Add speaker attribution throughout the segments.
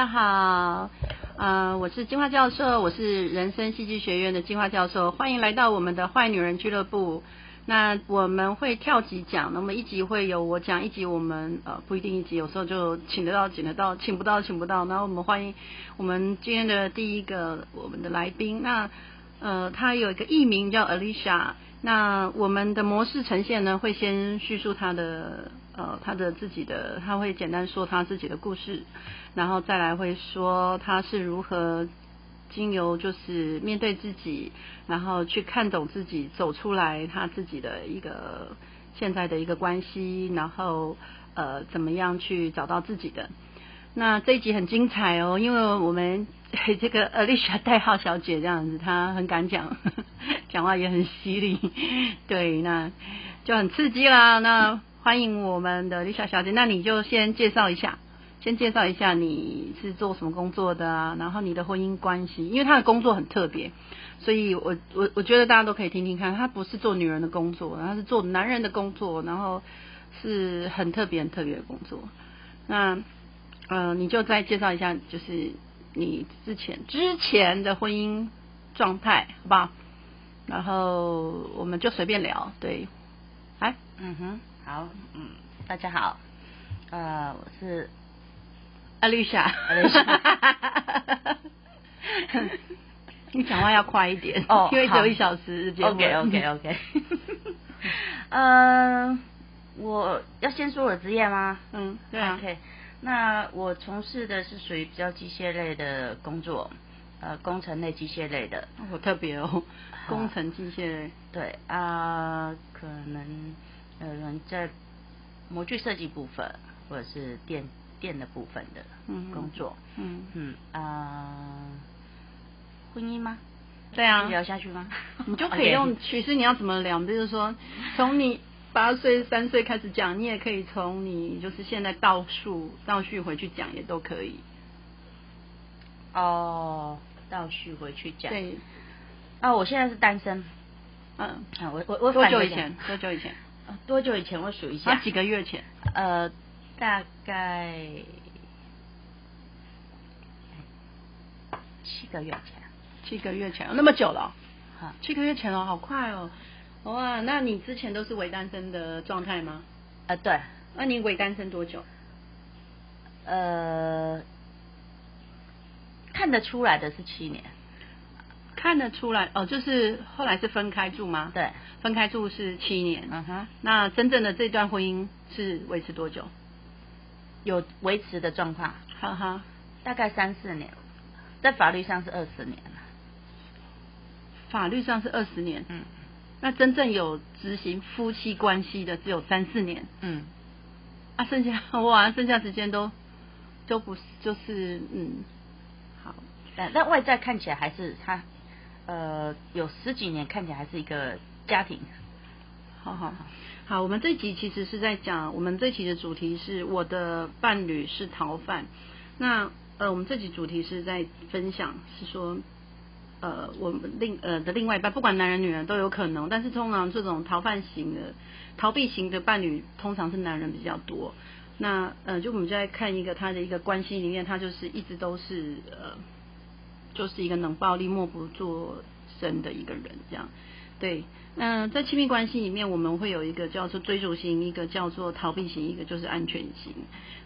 Speaker 1: 大家好，啊、呃，我是金花教授，我是人生戲劇學院的金花教授，歡迎來到我們的壞女人俱樂部。那我們會跳級講，那麼一集會有我講一集，我們呃不一定一集，有時候就請得到請得到，請不到請不到。然後我們歡迎我們今天的第一個我們的來賓，那呃，他有一個藝名叫 Alicia。那我們的模式呈現呢，會先敘述他的呃，他的自己的，他會簡單說他自己的故事，然後再來會說他是如何經由就是面對自己，然後去看懂自己，走出來他自己的一個現在的一個關係，然後呃怎麼樣去找到自己的。那這一集很精彩哦，因為我們。這個 Alicia 代號小姐這樣子，她很敢講，講話也很犀利。對，那就很刺激啦。那歡迎我們的 Alicia 小姐，那你就先介紹一下，先介紹一下你是做什麼工作的啊，然後你的婚姻關係，因為她的工作很特別，所以我我我覺得大家都可以聽聽看，她不是做女人的工作，她是做男人的工作，然後是很特別很特別的工作。那呃，你就再介紹一下，就是，你之前之前的婚姻狀態好不好？然後我們就隨便聊，對。哎、啊，嗯哼，好，
Speaker 2: 嗯，大家好，呃，我是阿綠霞。你講話要快一點哦，oh, 因為只有
Speaker 3: 一小時、oh, OK OK OK。嗯，我
Speaker 2: 要先說我的職業嗎？
Speaker 3: 嗯，對啊。OK。
Speaker 2: 那我從事的是屬於比較機械類的工作，呃，工程類、機械類的。好、哦、特別哦，工程機、呃、械類。對啊、呃，可能呃人在模具設計部分，或者是電電的部分的工作。嗯嗯啊，呃、婚姻嗎？對啊，聊下去嗎？
Speaker 1: 你就可以用其實你要怎麼聊，比如 Okay. 說從你。八歲、三歲開始講，你也可以從你就是現在倒數、倒敘回去講也都可以。哦，
Speaker 2: 倒敘回去講。對。啊、哦，我現在是單身。嗯。哦、我我我多久以前？多久以前？多久以前？我數一下。啊，幾個月前？呃，大概
Speaker 1: 七個月前。七個月前？哦、那麼久了、哦？哦、七個月前哦，好快哦。哇，oh, 那你之前都是偽單身的狀態嗎？呃，
Speaker 2: 對。那、啊、你偽單身多久？呃，看得出來的是七年。看得出來，哦，就是
Speaker 1: 後來是分開住嗎？對，分開住是七年。Uh-huh、那真正的這段婚姻
Speaker 2: 是維持多久？有維持的狀況。哈哈、uh-huh、大概三四年，在法律上是二十年。法律上
Speaker 1: 是二十年。嗯。那真正有執行夫妻關係的只有三四年，嗯，
Speaker 2: 啊，剩下我晚上剩下時間都都不是，就是嗯，好，但但外在看起來還是他，呃，有十幾年看起來還是一個家庭，好好好，好，我們這一集其實是在
Speaker 1: 講，我們這一集的主題是我的伴侶是逃犯，那呃，我們這集主題是在分享是說。呃，我們另呃的另外一半，不管男人女人都有可能，但是通常這種逃犯型的、逃避型的伴侶，通常是男人比較多。那呃就我們就在看一個他的一個關係裡面，他就是一直都是呃，就是一個冷暴力、默不作聲的一個人這樣。對，那在親密關係裡面，我們會有一個叫做追逐型，一個叫做逃避型，一個就是安全型。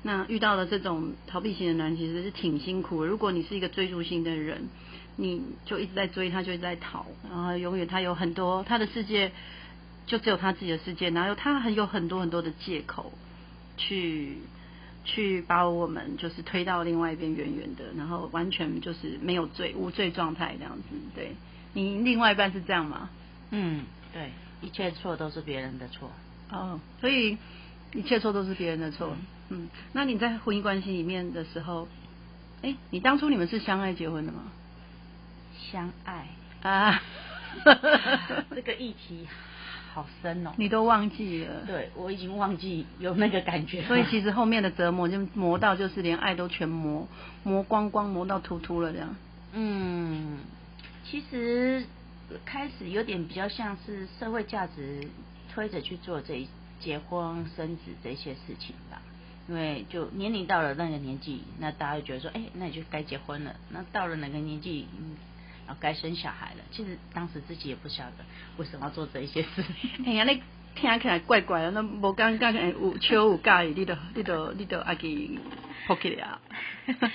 Speaker 1: 那遇到了這種逃避型的男人，其實是挺辛苦的。如果你是一個追逐型的人。你就一直在追，他就一直在逃，然後永遠他有很多他的世界，就只有他自己的世界，然後他很有很多很多的借口去，去去把我們就是推到另外一邊遠遠的，然後完全就是沒有罪無罪狀態這樣子。對，你另外一半是這樣
Speaker 2: 嗎？嗯，對，一切錯都是別人的錯。
Speaker 1: 哦，所以一切錯都是別人的錯。嗯，嗯，那你在婚姻關係裡面的時候，哎，你當初你們是相愛結婚的嗎？
Speaker 2: 相愛
Speaker 1: 啊，
Speaker 2: 這個議題好深哦、喔，你都
Speaker 1: 忘記了？對，我
Speaker 2: 已經忘記有那
Speaker 1: 個感覺。 所以其實後面的折磨就磨到就是連愛都全磨磨光光，磨到禿禿了這樣。
Speaker 2: 嗯，其實開始有點比較像是社會價值推着去做這一結婚生子這些事情吧，因為就年齡到了那個年紀，那大家就覺得說，哎、欸，那你就該結婚了。那到了哪個年紀？嗯然後該生小孩了，其實當時自己也不曉得為什麼要做這一些事情。
Speaker 1: 哎呀，那聽起來怪怪的，那麼尷尬的，有羞，有尬的，你都你都你都阿給拋棄了啊，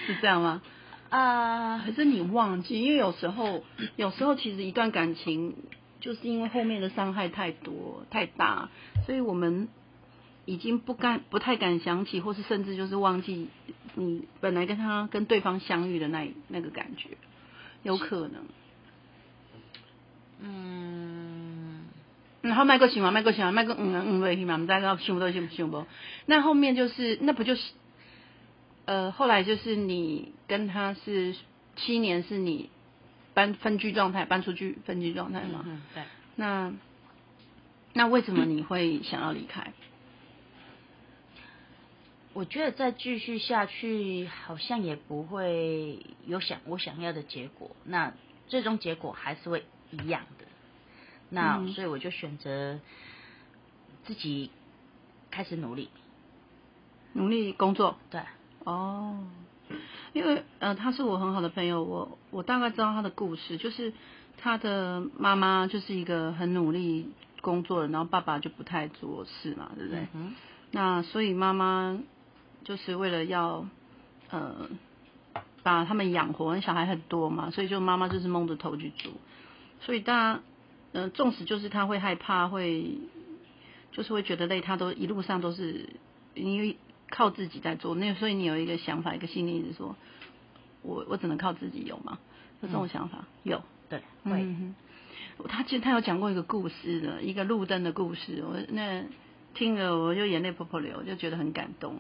Speaker 1: 是這樣嗎？啊，呃，可是你忘記，因為有時候有時候其實一段感情就是因為後面的傷害太多太大，所以我們已經不敢不太敢想起，或是甚至就是忘記你本來跟他跟對方相遇的那那個感覺。有可能，嗯嗯，嗯，然後買過喜歡買過喜歡買過嗯嗯東西嘛，唔知個想都行唔想不，想不？那後面就是那不就是，呃，後來就是你跟他是七年，是你搬分居狀態，搬出去分居狀態嘛？嗯，
Speaker 3: 對。
Speaker 2: 那那為什麼你會想要離開？我覺得再繼續下去，好像也不會有想我想要的結果，那最終結果還是會一樣的。那所以我就選擇自己開始努力，
Speaker 1: 努力工作。對，哦，因為呃，他是我很好的朋友，我我大概知道他的故事，就是他的媽媽就是一個很努力工作的，然後爸爸就不太做事嘛，對不對？嗯哼，那所以媽媽。就是為了要，呃，把他們養活，小孩很多嘛，所以就媽媽就是蒙着頭去煮。所以大家，嗯、呃，縱使就是他會害怕，會，就是會覺得累，他都一路上都是因為靠自己在做。那所以你有一個想法，一個信念，是說我我只能靠自己有嗎？有這種想法、嗯、有對會、嗯。他其實他有講過一個故事了，一個路燈的故事。我那聽了我就眼淚婆婆流，就覺得很感動。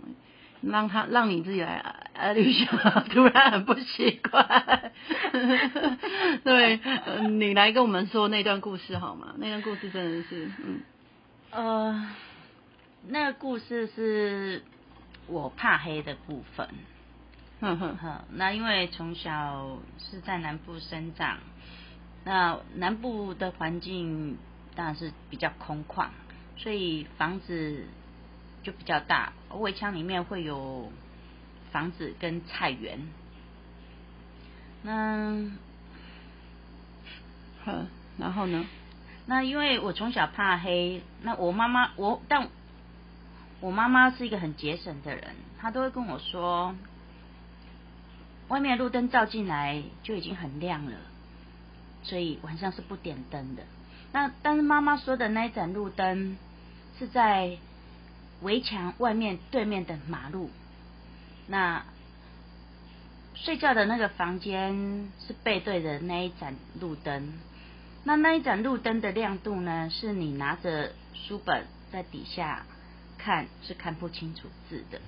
Speaker 1: 讓他讓你自己來啊！旅行突然很不習慣， 對，你來跟我們說那段故
Speaker 2: 事好嗎？那段故事真的是，嗯，呃，那個故事是我怕黑的部分。
Speaker 3: 哼哼哼，那因
Speaker 2: 為從小是在南部生長，那南部的環境當然是比較空曠，所以房子。就比較大，圍牆裡面會有房子跟菜園。那，嗯，然後呢，那因為我從小怕黑，那我媽媽我但我媽媽是一個很節省的人，她都會跟我說，外面的路燈照進來就已經很亮了，所以晚上是不點燈的。那但是媽媽說的那一盞路燈是在圍牆外面對面的馬路，那睡覺的那個房間是背對着那一盞路燈，那那一盞路燈的亮度呢，是你拿着書本在底下看，是看不清楚字的。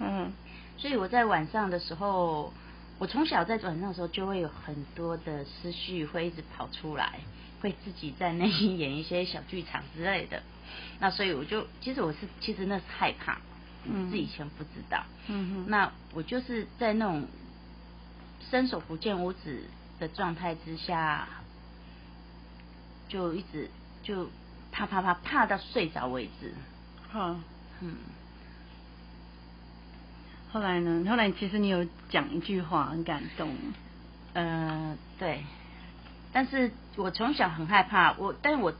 Speaker 2: 嗯，所以我在晚上的時候，我從小在晚上的時候就會有很多的思緒會一直跑出來，會自己在內心演一些小劇場之類的。那所以我就，其實我是，其實那是害怕，嗯
Speaker 3: 哼，是以
Speaker 2: 前不知道。嗯哼，那我就是在那種伸手不見五指的狀態之下，就一直就怕怕怕怕，怕到睡着為止。好，嗯。後來呢？後來其實你有講一句話，很感動。嗯、呃，對。但是我從小很害怕，我，但我。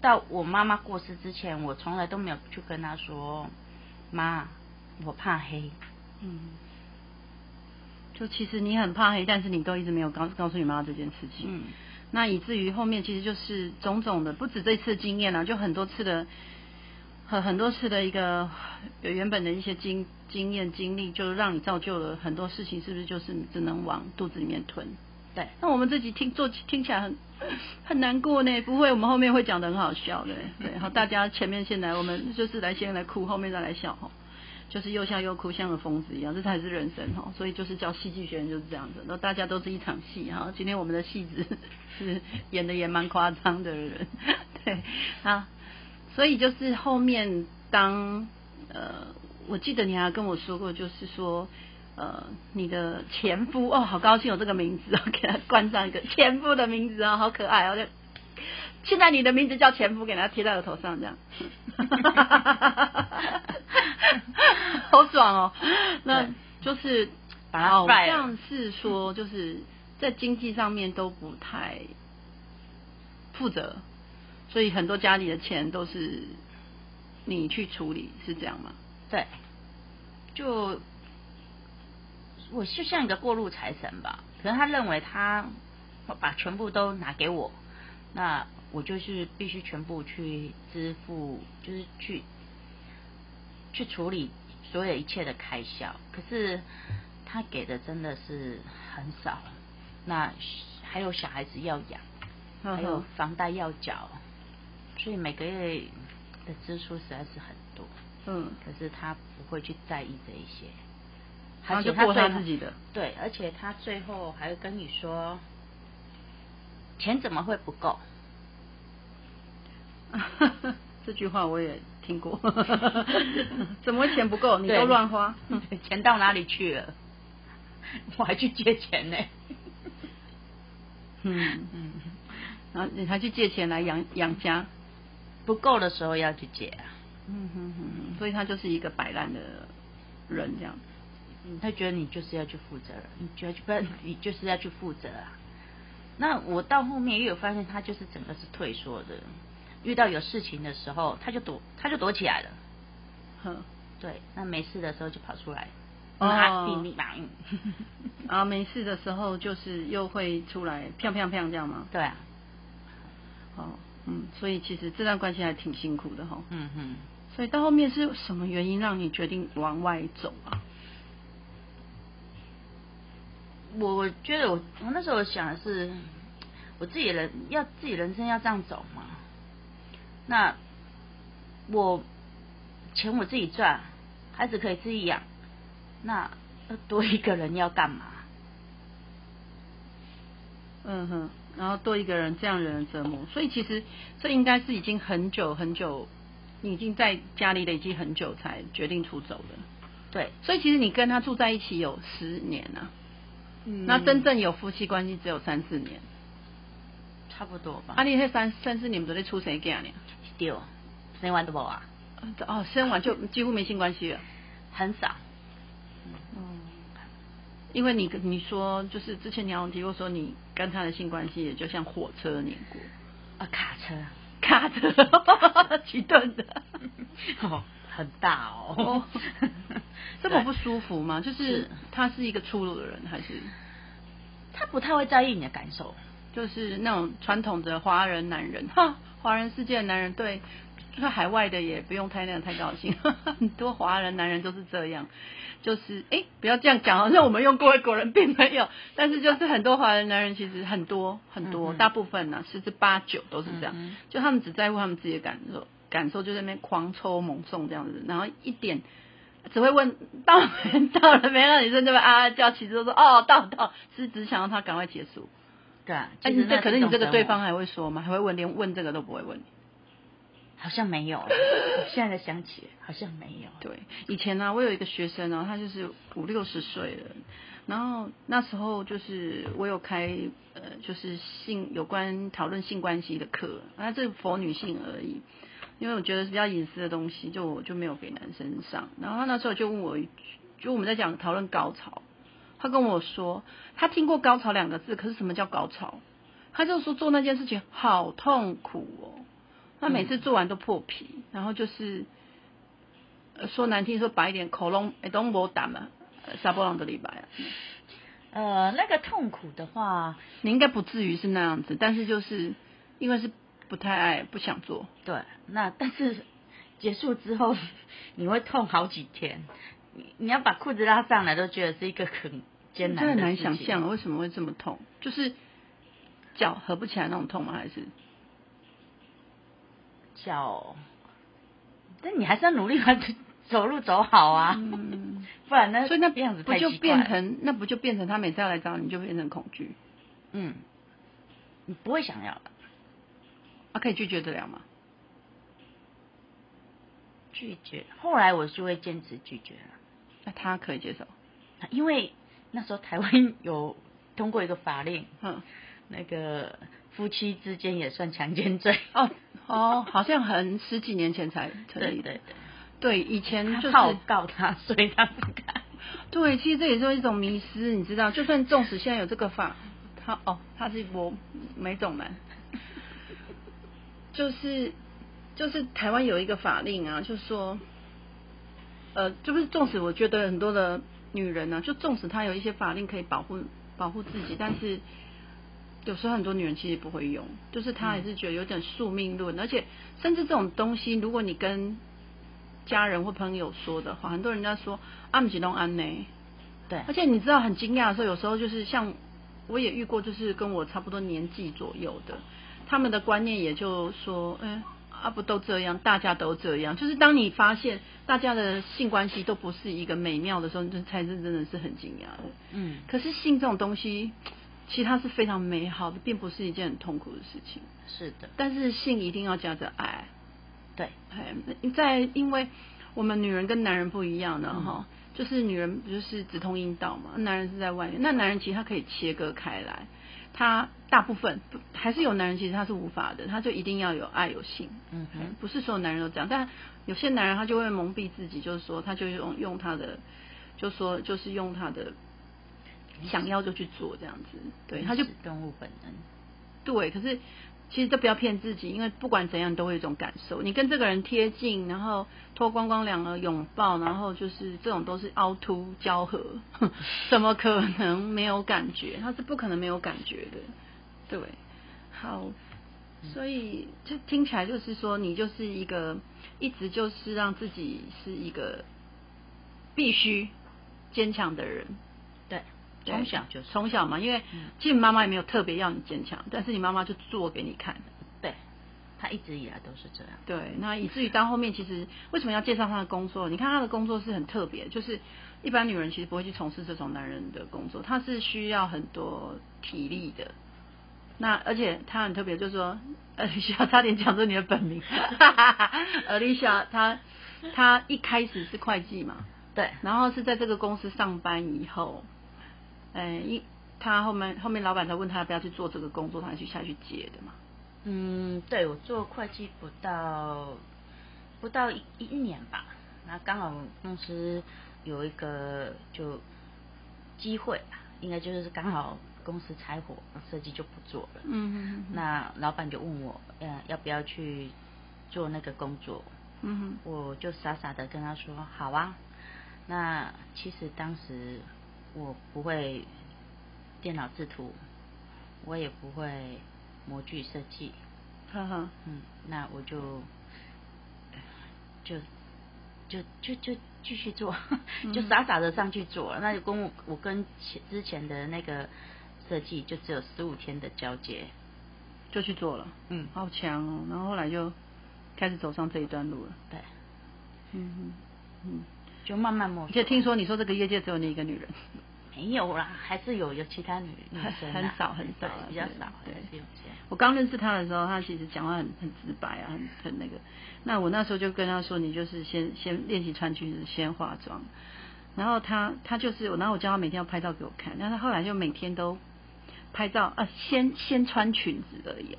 Speaker 2: 到我媽媽過世之前，我從來都沒有去跟她說：“媽，我怕黑。”嗯，就
Speaker 1: 其實你很怕黑，但是你都一直沒有告告訴你媽媽這件事情。嗯，那以至於後面其實就是種種的，不止這一次經驗了啊，就很多次的很很多次的一個原本的一些經經驗經歷，就讓你造就了很多事情，是不是就是你只能往肚子裡面吞？對，那我們自己聽做聽起來很很難過呢？不會，我們後面會講得很好笑的。對，然後大家前面先來，我們就是來先來哭，後面再來笑，哈，就是又笑又哭，像個瘋子一樣，這才是人生，哈，所以就是叫戲劇學院，就是這樣子，那大家都是一場戲，哈，今天我們的戲子是演得也蠻誇張的人，對，啊，所以就是後面當呃，我記得你還跟我說過，就是說。呃，你的前夫哦，好高興有這個名字哦，給他冠上一個前夫的名字哦，好可愛哦！就現在你的名字叫前夫，給他貼在我頭上這樣， 好爽哦！那就是
Speaker 3: 對好像
Speaker 1: 是說就是在經濟上面都不太負責，所以很多家裡的錢都是你去處理，是
Speaker 2: 這樣嗎？對，就。我就像一個過路財神吧，可能他認為他把全部都拿給我，那我就是必須全部去支付，就是去去處理所有一切的開銷。可是他給的真的是很少，那還有小孩子要養，呵呵還有房貸要繳，所以每個月的支出實在是很多。嗯，可是他不會去在意這一些。是過他自己的。他對，他對，而且他最後還跟你說，錢怎麼會不夠，啊呵呵？這句話我也聽過。 怎麼錢不夠？你都亂花，錢到哪裡去了？ 我還去借錢呢。 嗯嗯，然後你還去
Speaker 1: 借錢來養養家，不夠的時候要去借，啊、嗯哼哼。所以他
Speaker 2: 就是一個擺爛的人這樣。他覺得你就是要去負責了，你覺得不然你就是要去負責啊。那我到後面又有發現，他就是整個是退縮的。遇到有事情的時候，他就躲，他就躲起來了。哼呵，對，那沒事的時候就跑出來，他拼命
Speaker 1: 嘛。哦嗯、啊，沒事的時候就是又會出來，漂漂漂這樣嗎？對啊。哦，嗯，所以其實這段關係還挺辛苦的哈。嗯
Speaker 3: 嗯
Speaker 1: 哼。所以到後面是什
Speaker 2: 麼原因讓你決定往外走啊？我覺得我我那時候想的是，我自己人要自己人生要這樣走嘛。那我錢我自己賺，孩子可以自己養。那多一個人要幹嘛？嗯哼，然後多一個人這樣讓人的折磨。
Speaker 1: 所以其實這應該是已經很久很久，你已經在家裡累積很久才決定出走的。對，所以其實你跟他住在一起有十年了啊。嗯、那真正有夫妻關係只有三四年，差不多吧。啊，你那三三四年都在出誰家呢？是掉生完多不？啊？哦，生完就幾乎沒性關係了，啊，很少。嗯，嗯，因為你跟你說，就是之前你有提過說，你跟他的性關係也就像火車碾過，啊，卡車，卡車，幾 噸的。嗯哦。很大哦，這麼、哦、不舒服嗎？對就是他是一個粗魯的人是還是？他不太會在意你的感受，就是那種傳統的華人男人哈，華人世界的男人對，就是海外的也不用太那個、太高興，呵呵，很多華人男人都是這樣，就是哎、欸、不要這樣講啊，那我們用過外國人並沒有，但是就是很多華人男人其實很多很多，嗯嗯，大部分呢、啊、十之八九都是這樣，嗯嗯，就他們只在乎他們自己的感受。感受就在那邊狂抽猛送這樣子，然後一點只會問到了，到了沒？讓女生對吧？啊，叫其實都說哦，到到，是只想讓他趕快結束。對啊，哎，這、欸、可是你這個對方還會說嗎？還會問？連問這個都不會問？好像沒有，我現在，在想起好像沒有。 對，以前呢、啊，我有一個學生呢、啊，他就是五六十歲了，然後那時候就是我有開呃，就是性有關討論性關係的課，那這是佛女性而已。因為我覺得是比較隱私的東西，就我就沒有給男生上。然後他那時候就問我一句，就我們在講討論高潮，他跟我說他聽過“高潮”兩個字，可是什麼叫高潮？他就說做那件事情好痛苦哦，他每次做完都破皮，嗯、然後就是、呃、說難聽說白一點口，口嚨哎都無膽嘛，沙波浪的里白。嗯、呃，那個痛苦的話，你應該不至於是那樣子，但是就是因為是。
Speaker 2: 不太愛，不想做。對，那但是結束之後，你會痛好幾天。你你要把褲子拉上來都覺得是一個很艱難的事情。真的難想象了，
Speaker 1: 為什麼會這麼痛？就是腳合不起來那種痛嗎？還是
Speaker 2: 腳？但你還是要努力把走路走好啊，嗯，不然那所以那樣子不就變成那不就變成他每
Speaker 1: 次要來找你就變成恐懼？嗯，你不會想要的。他可以拒絕得了嗎？
Speaker 2: 拒絕，後來我就會堅持拒絕了、啊。那他可以接受？因為那時候台灣有通過一個法令，哼那個夫妻之間也算強姦罪。
Speaker 1: 哦哦，好像很十幾年前才成立
Speaker 2: 的。 對，對，
Speaker 1: 對，對，以前就是他號
Speaker 3: 告他，所以他不
Speaker 1: 敢。 對，其實這也是一種迷思，你知道？就算縱使現在有這個法， 他哦，oh, 他是我沒懂呢。就是，就是台灣有一個法令啊，就說，呃，就是縱使我覺得很多的女人呢、啊，就縱使她有一些法令可以保護保護自己，但是有時候很多女人其實不會用，就是她還是覺得有點宿命論，嗯、而且甚至這種東西，如果你跟家人或朋友說的話，很多人家說阿姆吉東安內，啊、對，而且你知道很驚訝的時候，有時候就是像我也遇過，就是跟我差不多年紀左右的。他們的觀念也就說，嗯、欸，啊，不都這樣，大家都這樣。就是當你發現大家的性關係都不是一個美妙的時候，你才是真的是很驚訝的。嗯，可是性這種東西，其他是非常美好的，並不是一件很痛苦的事情。是的，但是性一定要夾着愛。對，哎，在因為我們女人跟男人不一樣的哈、嗯，就是女人不就是直通陰道嘛，男人是在外面。嗯、那男人其實他可以切割開來。他大部分不，還是有男人，其實他是無法的，他就一定要有愛有性。嗯哼，不是所有男人都這樣，但有些男人他就會蒙蔽自己，就是說他就用用他的，就說就是用他的想要就去做這樣子，對，他就動物本能。對，可是。其實都不要騙自己，因為不管怎樣都會有一種感受。你跟這個人貼近，然後脫光光兩個擁抱，然後就是這種都是凹凸交合，怎麼可能沒有感覺？他是不可能沒有感覺的。對，好，所以就聽起來就是說，你就是一個一直就是讓自己是一個必須堅強的人。從對小就從小嘛，因為其實媽媽也沒有特別要你堅強，嗯、但是你媽媽就做給你看。對，
Speaker 2: 她一直以來都是這樣。
Speaker 1: 對，那以至於到後面，其實為什麼要介紹她的工作？你看她的工作是很特別，就是一般女人其實不會去從事這種男人的工作，她是需要很多體力的。那而且她很特別，就是說，呃，麗莎差點講出你的本名。呃， 麗莎，她她一開始是會計嘛，對，然後是在這個公司上班以後。嗯，一、哎、他後面後面老闆他問他要不要去做這個工作，他去下去接的嘛。嗯，
Speaker 2: 對，我做會計不到不到一一年吧，那剛好公司有一個就機會，應該就是剛好公司拆夥，設計就不做
Speaker 3: 了。嗯哼
Speaker 2: 哼。那老闆就問我，呃，要不要去做那個工作？
Speaker 3: 嗯
Speaker 2: 哼我就傻傻的跟他說，好啊。那其實當時。我不會電腦製圖，我也不會模具設計，呵呵嗯，那我就對就就就就繼續做， 就傻傻的上去做了，嗯、那就跟我，我跟前之前的那個設計就只有十五天的交接，就去做了，嗯，好
Speaker 1: 強哦，然後後來就開始走上這一段路了，對，嗯
Speaker 2: 嗯，就慢慢磨，就聽
Speaker 1: 說你說這個業界只有你一個女人。
Speaker 2: 沒有啦、啊，
Speaker 3: 還是
Speaker 1: 有有其他女女生、啊很，很少很少，對比較少。對，我剛認識他的時候，他其實講話很很直白啊，很很那個。那我那時候就跟他說，你就是先先練習穿裙子，先化妝。然後他他就是，然後我叫他每天要拍照給我看。那他後來就每天都拍照啊，先先穿裙子而已。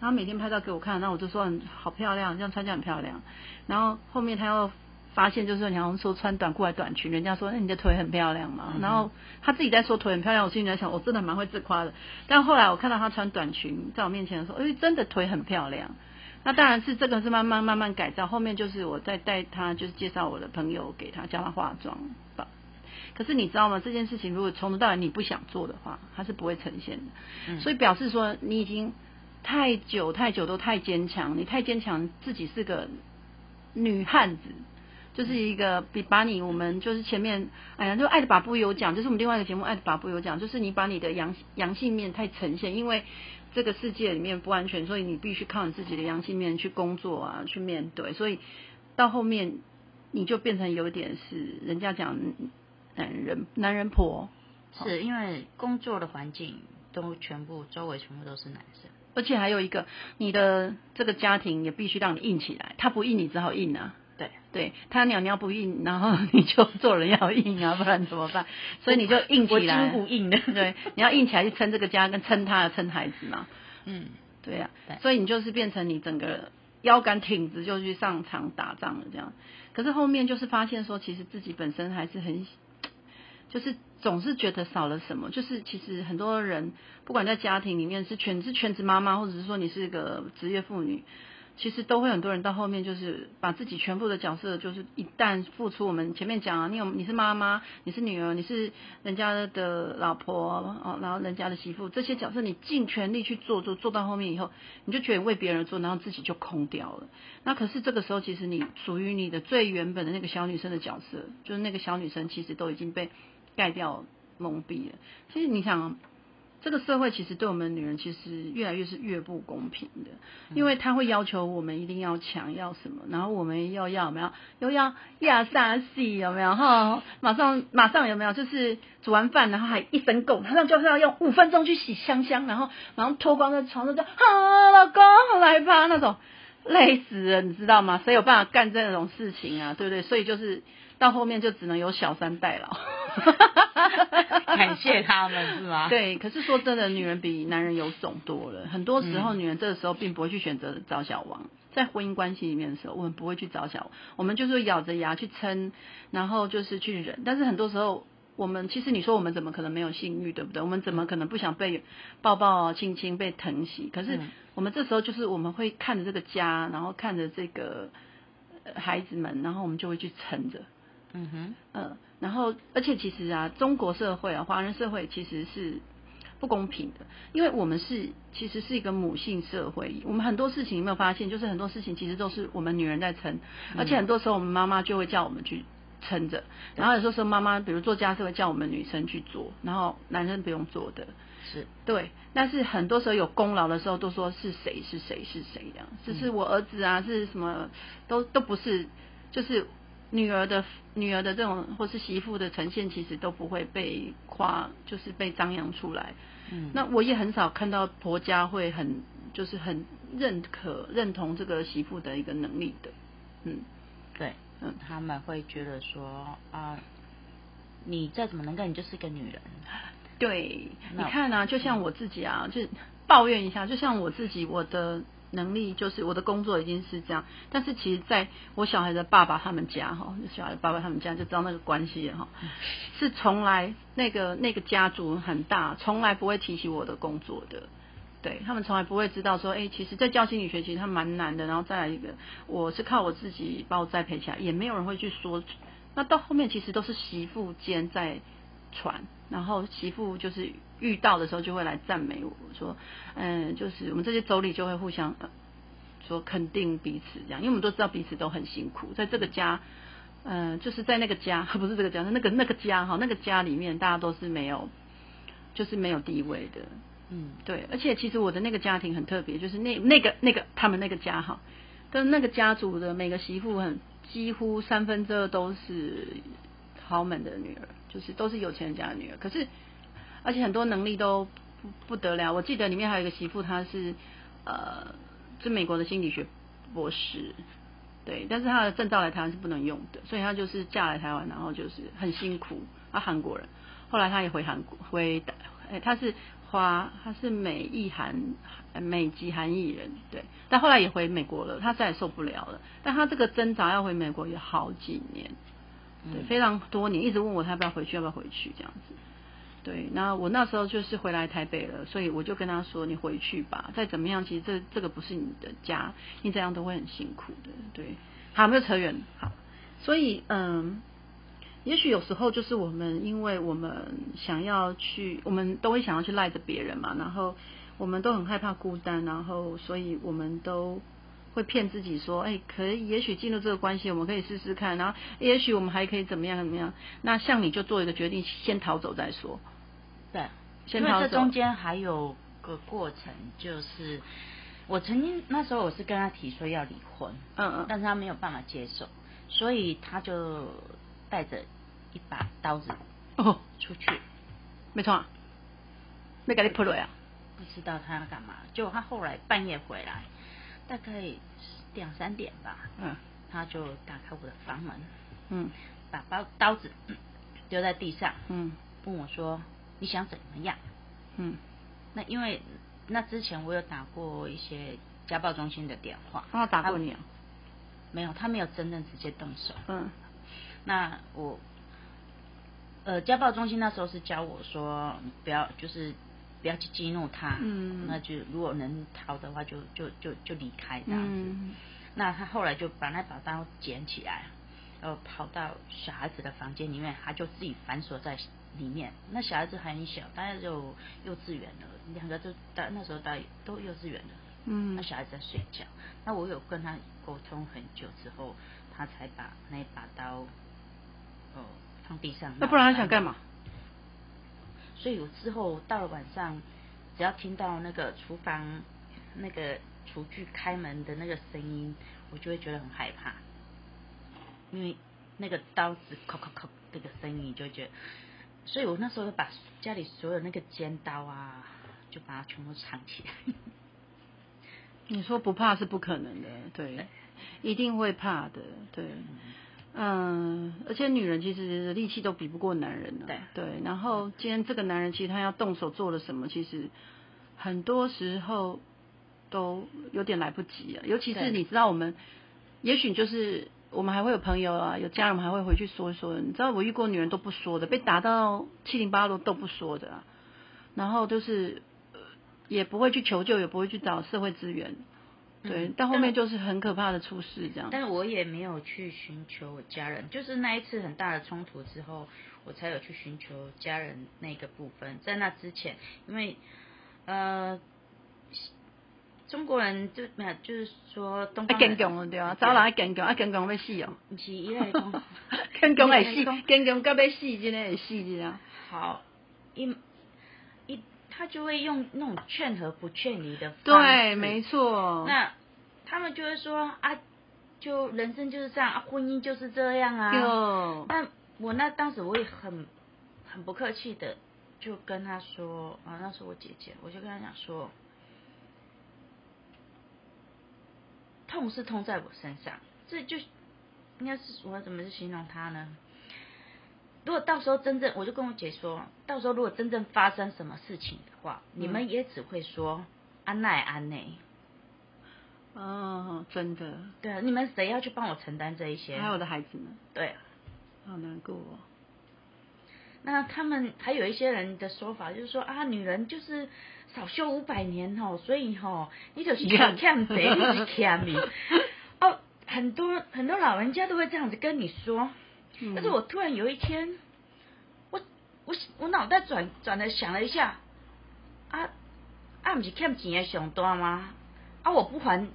Speaker 1: 然後每天拍照給我看，然後我就說很好漂亮，這樣穿就很漂亮。然後後面他又。發現就是說，你好像說穿短褲還是短裙，人家說那、欸、你的腿很漂亮嘛。嗯嗯。然後他自己在說腿很漂亮，我心裡在想，我真的蠻會自誇的。但後來我看到他穿短裙在我面前的時候，哎、欸，真的腿很漂亮。那當然是這個是慢慢慢慢改造。後面就是我再帶他，就是介紹我的朋友給他，教他化妝吧。可是你知道嗎？這件事情如果從頭到尾你不想做的話，她是不會呈現的。嗯、所以表示說你已經太久太久都太堅強，你太堅強，自己是個女漢子。就是一個比把你我們就是前面哎呀，就是、愛的把不有講，就是我們另外一個節目愛的把不有講，就是你把你的陽陽性面太呈現，因為這個世界裡面不安全，所以你必須靠你自己的陽性面去工作啊，去面對，所以到後面你就變成有點是人家講男人男人婆，是
Speaker 2: 因為工作的環境都全部周圍全部都是男生，
Speaker 1: 而且還有一個你的這個家庭也必須讓你硬起來，他不硬你只好硬啊。對他尿尿不硬，然後你就做人要硬啊， 不然怎麼辦？ 所以你就硬起來。不硬 無的， 對，你要硬起來去撐這個家，跟撐他、撐孩子嘛。嗯，對呀、啊。對，所以你就是變成你整個腰桿挺直，就去上場打仗了這樣。可是，後面就是發現說，其實自己本身還是很，就是總是覺得少了什麼。就是其實很多人不管在家庭裡面是全職全職媽媽，或者是說你是一個職業婦女。其實都會很多人到後面，就是把自己全部的角色，就是一旦付出，我們前面講啊，你有你是媽媽，你是女兒，你是人家的老婆哦，然後人家的媳婦這些角色，你盡全力去做做，做到後面以後，你就覺得為別人做，然後自己就空掉了。那可是這個時候，其實你屬於你的最原本的那個小女生的角色，就是那個小女生，其實都已經被蓋掉、蒙蔽了。其實你想啊。這個社會其實對我們女人其實越來越是越不公平的，因為他會要求我們一定要強要什麼，然後我們又要有沒有又要壓榨死有沒有？哈，馬上馬上有沒有？就是煮完飯然後還一分垢，然後就是要用五分鐘去洗香香，然後馬上脫光在床上就哈、啊，老公來吧那種，累死了你知道嗎？誰有辦法幹這種事情啊？對不對？所以就是到後面就只能由小三代勞。
Speaker 2: 哈哈哈哈哈！ 感謝他們是嗎？ 對，
Speaker 1: 可是說真的，女人比男人有種多了。很多時候，嗯、女人這個時候並不會去選擇找小王，在婚姻關係裡面的時候，我們不會去找小王，我們就是咬着牙去撐，然後就是去忍。但是很多時候，我們其實你說我們怎麼可能沒有性慾，對不對？我們怎麼可能不想被抱抱親親，被疼惜？可是我們這時候就是我們會看着這個家，然後看着這個孩子們，然後我們就會去撐着。嗯哼，嗯、呃。然後，而且其實啊，中國社會啊，華人社會其實是不公平的，因為我們是其實是一個母性社會，我們很多事情沒有發現，就是很多事情其實都是我們女人在撐，而且很多時候我們媽媽就會叫我們去撐着，然後有時候說媽媽比如做家事會叫我們女生去做，然後男生不用做的，是對，但是很多時候有功勞的時候都說是誰是誰是誰這樣，只是我兒子啊，是什麼都都不是，就是。女兒的、女兒的這種，或是媳婦的呈現，其實都不會被誇，就是被張揚出來。嗯，那我也很少看到婆家會很，就是很認可、
Speaker 2: 認同這個媳婦的一個能力的。嗯，對，嗯，他們會覺得說啊、呃，你再怎麼能幹，你就是一個女人。對，我
Speaker 1: 你看啊，就像我自己啊，嗯、就抱怨一下，就像我自己，我的。能力就是我的工作已經是這樣，但是其實在我小孩的爸爸他們家哈，小孩的爸爸他們家就知道那個關係哈，是從來那個那個家族很大，從來不會提起我的工作的。對，他們從來不會知道說，哎，其實在教心理學其實他蠻難的，然後再來一個，我是靠我自己把我栽培起來，也沒有人會去說，那到後面其實都是媳婦間在傳，然後媳婦就是。遇到的時候就會來讚美我說，嗯，就是我們這些妯娌就會互相、嗯、說肯定彼此這樣，因為我們都知道彼此都很辛苦，在這個家，嗯，就是在那個家，不是這個家，是那個那個家哈，那個家裡面大家都是沒有，就是沒有地位的，嗯，對，而且其實我的那個家庭很特別，就是那那個那個他們那個家哈，跟那個家族的每個媳婦很幾乎三分之二都是豪門的女兒，就是都是有錢人家的女兒，可是。而且很多能力都不不得了。我記得裡面還有一個媳婦，她是呃，是美國的心理學博士，對。但是她的證照來台灣是不能用的，所以她就是嫁來台灣，然後就是很辛苦。啊，韓國人，後來她也回韓國，回、欸、哎，她是華，她是美裔韓美籍韓裔人，對。但後來也回美國了，她再也受不了了。但她這個掙扎要回美國也好幾年，
Speaker 3: 對，
Speaker 1: 非常多年，一直問我她要不要回去，要不要回去這樣子。對，那我那時候就是回來台北了，所以我就跟他說：“你回去吧，再怎麼樣，其實這這個不是你的家，你這樣都會很辛苦的。”對，好，沒有扯遠。好，所以嗯，也許有時候就是我們，因為我們想要去，我們都會想要去賴着別人嘛，然後我們都很害怕孤單，然後所以我們都。會騙自己說，哎，可以，也許進入這個關係，我們可以試試看，然後也許我們還可以怎麼樣怎麼樣。那像你就做一個決定，先逃走再說。對，先逃走。
Speaker 2: 因為這中間還有個過程，就是我曾經那時候我是跟他提說要離婚，嗯嗯，但是他沒有辦法接受，所以他就帶着一把刀子。哦，出去，沒錯，沒給你破來呀，不知道他要幹嘛。結果他後來半夜回來。大概兩三點吧，嗯，他就打開我的房門，嗯，把包刀子丟在地上，嗯，問我說，你想怎麼樣？嗯，那因為那之前我有打過一些家暴中心的電話，他打過你？沒有，他沒有真正直接動手，嗯，那我呃家暴中心那時候是教我說不要就是。不要去激怒他，嗯，那就如果能逃的話就，就就就就離開這樣子。嗯、那他後來就把那把刀撿起來，呃，跑到小孩子的房間裡面，他就自己反鎖在裡面。那小孩子還很小，大概就幼稚園了，兩個都大，那時候大都幼稚園了。嗯。那小孩子在睡覺，那我有跟他溝通很久之後，他才把那把刀，哦、呃，放地上。那，個、那不然他想幹嘛？所以，我之後到了晚上，只要聽到那個廚房那個廚具開門的那個聲音，我就會覺得很害怕，因為那個刀子咔咔咔那個聲音，你就覺得，所以我那時候就把家裡所有那個尖刀啊，就把它全部藏起來。 你說不怕是
Speaker 1: 不可能的，對，一定會怕的，對。嗯嗯，而且女人其實力氣都比不過男人、啊、對，對。然後今天這個男人其實他要動手做了什麼，其實很多時候都有點來不及了、啊。尤其是你知道，我們對也許就是我們還會有朋友啊，有家人，我們還會回去說一說。你知道，我遇過女人都不說的，被打到七零八落都不說的、啊，然後就是也不會去求救，也不會去找社會資源。對，到後面就是很可怕的出事這樣。嗯，但
Speaker 2: 是我也沒有去尋求我家人，就是那一次很大的衝突之後，我才有去尋求家人那個部分。在那之前，因為呃，中國人就沒有，就是說，堅強
Speaker 1: 對吧？走人，堅強、啊，堅強、啊對要，啊、要死哦。不是，因為講堅強會死，堅強夠要死，真的會死的啊。好，因。
Speaker 2: 他就會用那種勸和不勸離的方法，對，沒錯。那他們就會說啊，就人生就是這樣啊，婚姻就是這樣啊。那喲，我那當時我也很很不客氣的就跟他說啊，那是我姐姐，我就跟他講說，痛是痛在我身上，這就應該是我怎麼去形容他呢？如果到時候真正，我就跟我姐說，到時候如果真正發生什麼事情的話，你們也只會說安奈安奈。哦，真的。對啊，你們誰要去幫我承擔這一些？還有我的孩子們。對，
Speaker 3: 好
Speaker 2: 難過哦。那他們還有一些人的說法，就是說啊，女人就是少修五百年哦，所以哦，你就去看誰就是強的哦。很多很多老人家都會這樣子跟你說。但、嗯、是我突然有一天，我我我腦袋轉轉的想了一下，啊，阿、啊、不是欠錢的最大嗎？啊，我不還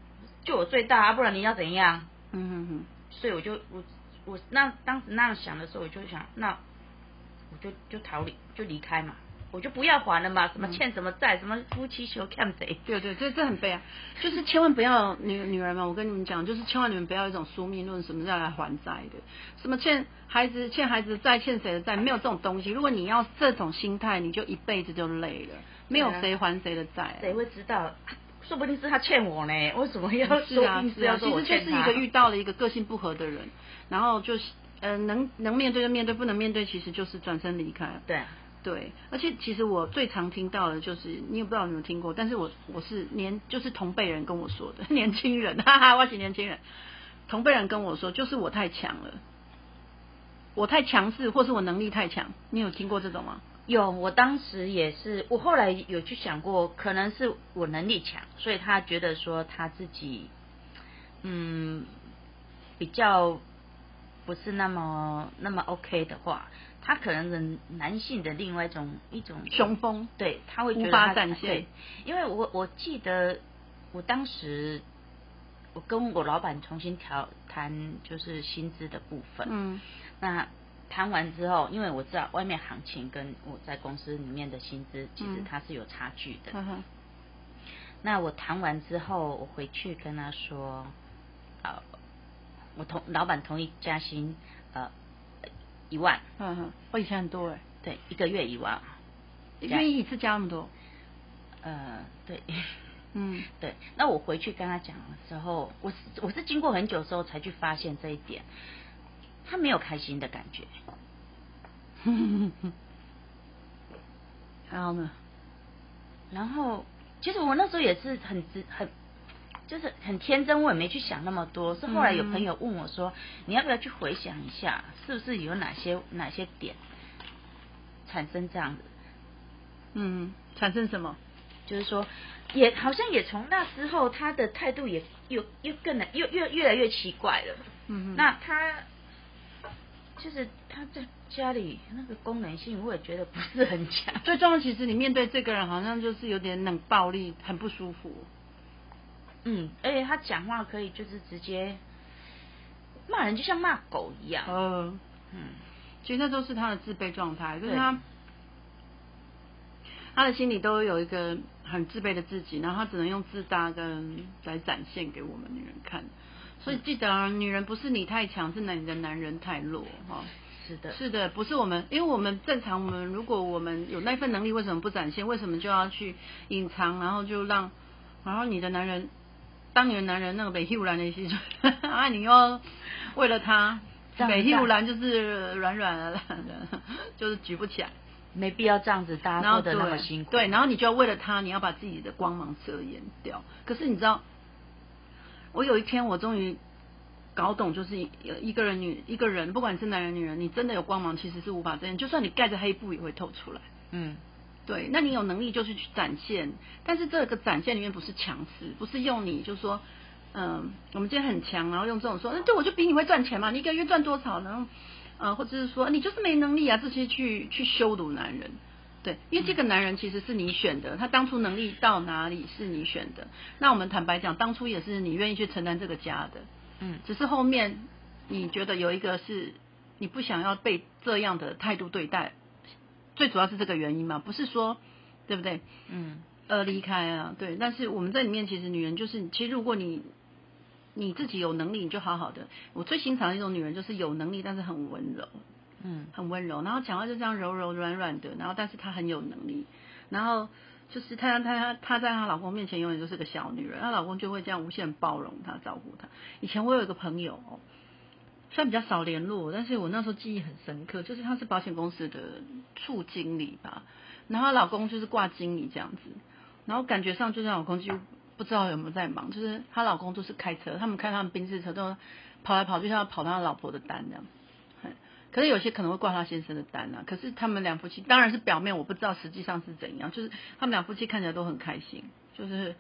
Speaker 2: 就我最大啊，不然你要怎樣？嗯嗯嗯，所以我就我我，我那當時那樣想的時候，我就想，那我就就逃離就離開嘛。我就不要還了嘛，什麼欠什麼債，嗯、什麼夫妻求看誰？對對，這這很悲哀！就是千萬不要
Speaker 1: 女 女人們，我跟你們講，就是千萬你們不要一種宿命論，什麼要來還債的，什麼欠孩子欠孩子的債，欠誰的債？沒有這種東西。如果你要這種心態，你就一輩子就累
Speaker 3: 了。嗯、
Speaker 1: 沒有誰還誰的債，啊，誰會知道、啊？說不定是他欠我呢，為什麼要說不定是，啊、是要說他，其實就是一個遇到了一個個性不合的人，然後就是嗯、呃，能能面對就面對，不能面對其實就是轉身離開。對。對，而且其實我最常聽到的就是，你也不知道有沒有聽過，但是我我是年，就是同輩人跟我說的，年輕人，哈哈，外是年輕人，同輩人跟我說，就是我太強了，
Speaker 2: 我太強勢，或是我能力太強，你有聽過這種嗎？有，我當時也是，我後來有去想過，可能是我能力強，所以他覺得說他自己，嗯，比較不是那麼那麼 OK 的話。他可能男性的另外一種一種雄風，對他會覺得無法展現。對，因為我我記得我當時我跟我老闆重新調談，就是薪資的部分。嗯。那談完之後，因為我知道外面行情跟我在公司裡面的薪資其實它是有差距的。
Speaker 3: 嗯、呵
Speaker 2: 呵，那我談完之後，我回去跟他說：“啊、呃、我同老闆同意加薪。”呃。一萬，嗯哼，我以前很多哎，對，一個月一萬，因為一次加那麼多，呃、嗯，對，嗯，對，那我回去跟他講的時候，我是我是經過很久之後才去發現這一點，他沒有開心的感覺， 然後呢，然後其實我那時候也是很直很。就是很天真，我也沒去想那麼多。是後來有朋友問我說：“你要不要去回想一下，是不是有哪些哪些點產生這樣的？”嗯，產生什麼？就是說，也好像也從那之後，他的態度也又又更難，又越越來越奇怪了。嗯哼。那他就是他在家裡那個功能性，我也覺得不是很強。最重要，其實你面對這個人，好像就是有點冷暴力，很不舒服。嗯，而、欸、且他講話可以就是直接罵人，就像罵狗一樣。嗯嗯，其實以那都是他的自卑狀態，對就是他他的
Speaker 1: 心裡都有一個很自卑的自己，然後他只能用自大跟來展現給我們女人看。是所以記得、啊，女人不是你太強，是你的男人太弱。哈、哦，是的，是的，不是我們，因為我們正常，我們如果我們有那份能力，為什麼不展現？為什麼就要去隱藏？然後就讓，然後你的男人，當年男人那個美黑胡蘭的意思，啊，你又為了他，美黑胡蘭就是軟軟的，就是舉不起來。沒必要這樣子然後，大家過得那麼辛苦。對，然後你就要為了他，你要把自己的光芒遮掩掉。可是你知道，我有一天我終於搞懂，就是一個人一個人女一個人，不管你是男人女人，你真的有光芒，其實是無法遮掩，就算你蓋着黑布，也會透出來。嗯。對，那你有能力就是去展現，但是這個展現裡面不是強勢，不是用你就說，嗯、呃，我們今天很強，然後用這種說，那對我就比你會賺錢嘛？你一個月賺多少？然後，呃，或者是說你就是沒能力啊，這些去去羞辱男人，對，因為這個男人其實是你選的，他當初能力到哪裡是你選的。那我們坦白講，當初也是你願意去承擔這個家的，
Speaker 3: 嗯，
Speaker 1: 只是後面你覺得有一個是你不想要被這樣的態度對待。最主要是這個原因嘛，不是說，對不對？嗯、呃，離開啊，對。但是我們在裡面，其實女人就是，其實如果你你自己有能力，你就好好的。我最欣賞的一種女人就是有能力，但是很溫柔，嗯，很溫柔。然後講話就這樣柔柔軟軟的，然後但是她很有能力。然後就是她她她在她老公面前永遠都是個小女人，她老公就會這樣無限包容她，照顧她。以前我有一個朋友喔。算比較少聯絡，但是我那時候記憶很深刻，就是她是保險公司的處經理吧，然後他老公就是掛經理這樣子，然後感覺上就是老公就不知道有沒有在忙，就是她老公就是開車，他們開他們賓士車都跑來跑去，像要跑他老婆的單這樣，可是有些可能會掛他先生的單啊，可是他們兩夫妻當然是表面我不知道實際上是怎樣，就是他們兩夫妻看起來都很開心，就是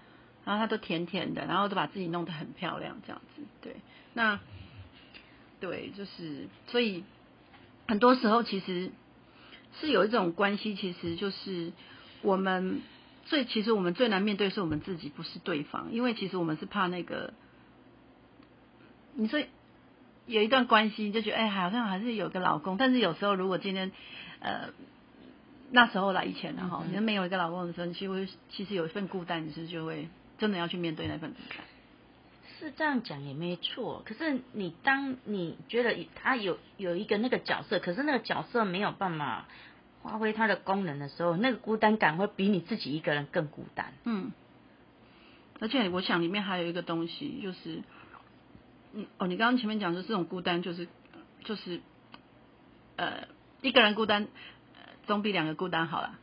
Speaker 1: 然後他都甜甜的，然後都把自己弄得很漂亮這樣子，對，那。對，就是所以，很多時候其實是有一種關係，其實就是我們最其實我們最難面對是我們自己，不是對方，因為其實我們是怕那個。你說有一段關係，你就覺得哎，好像還是有個老公，但是有時候如果今天呃那時候來以前然後你沒有一個老
Speaker 2: 公的時候，你其實其實有一份孤單，你是不是就會真的要去面對那份孤單？是這樣講也沒錯，可是你當你覺得他有有一個那個角色，可是那個角色沒有辦法發揮它的功能的時候，那個孤單感會比你自己一個人更孤單。嗯，而且我想裡面還有一個東西，就
Speaker 1: 是，嗯，哦，你剛剛前面講的這種孤單就是就是，呃，一個人孤單，呃，總比兩個孤單好了。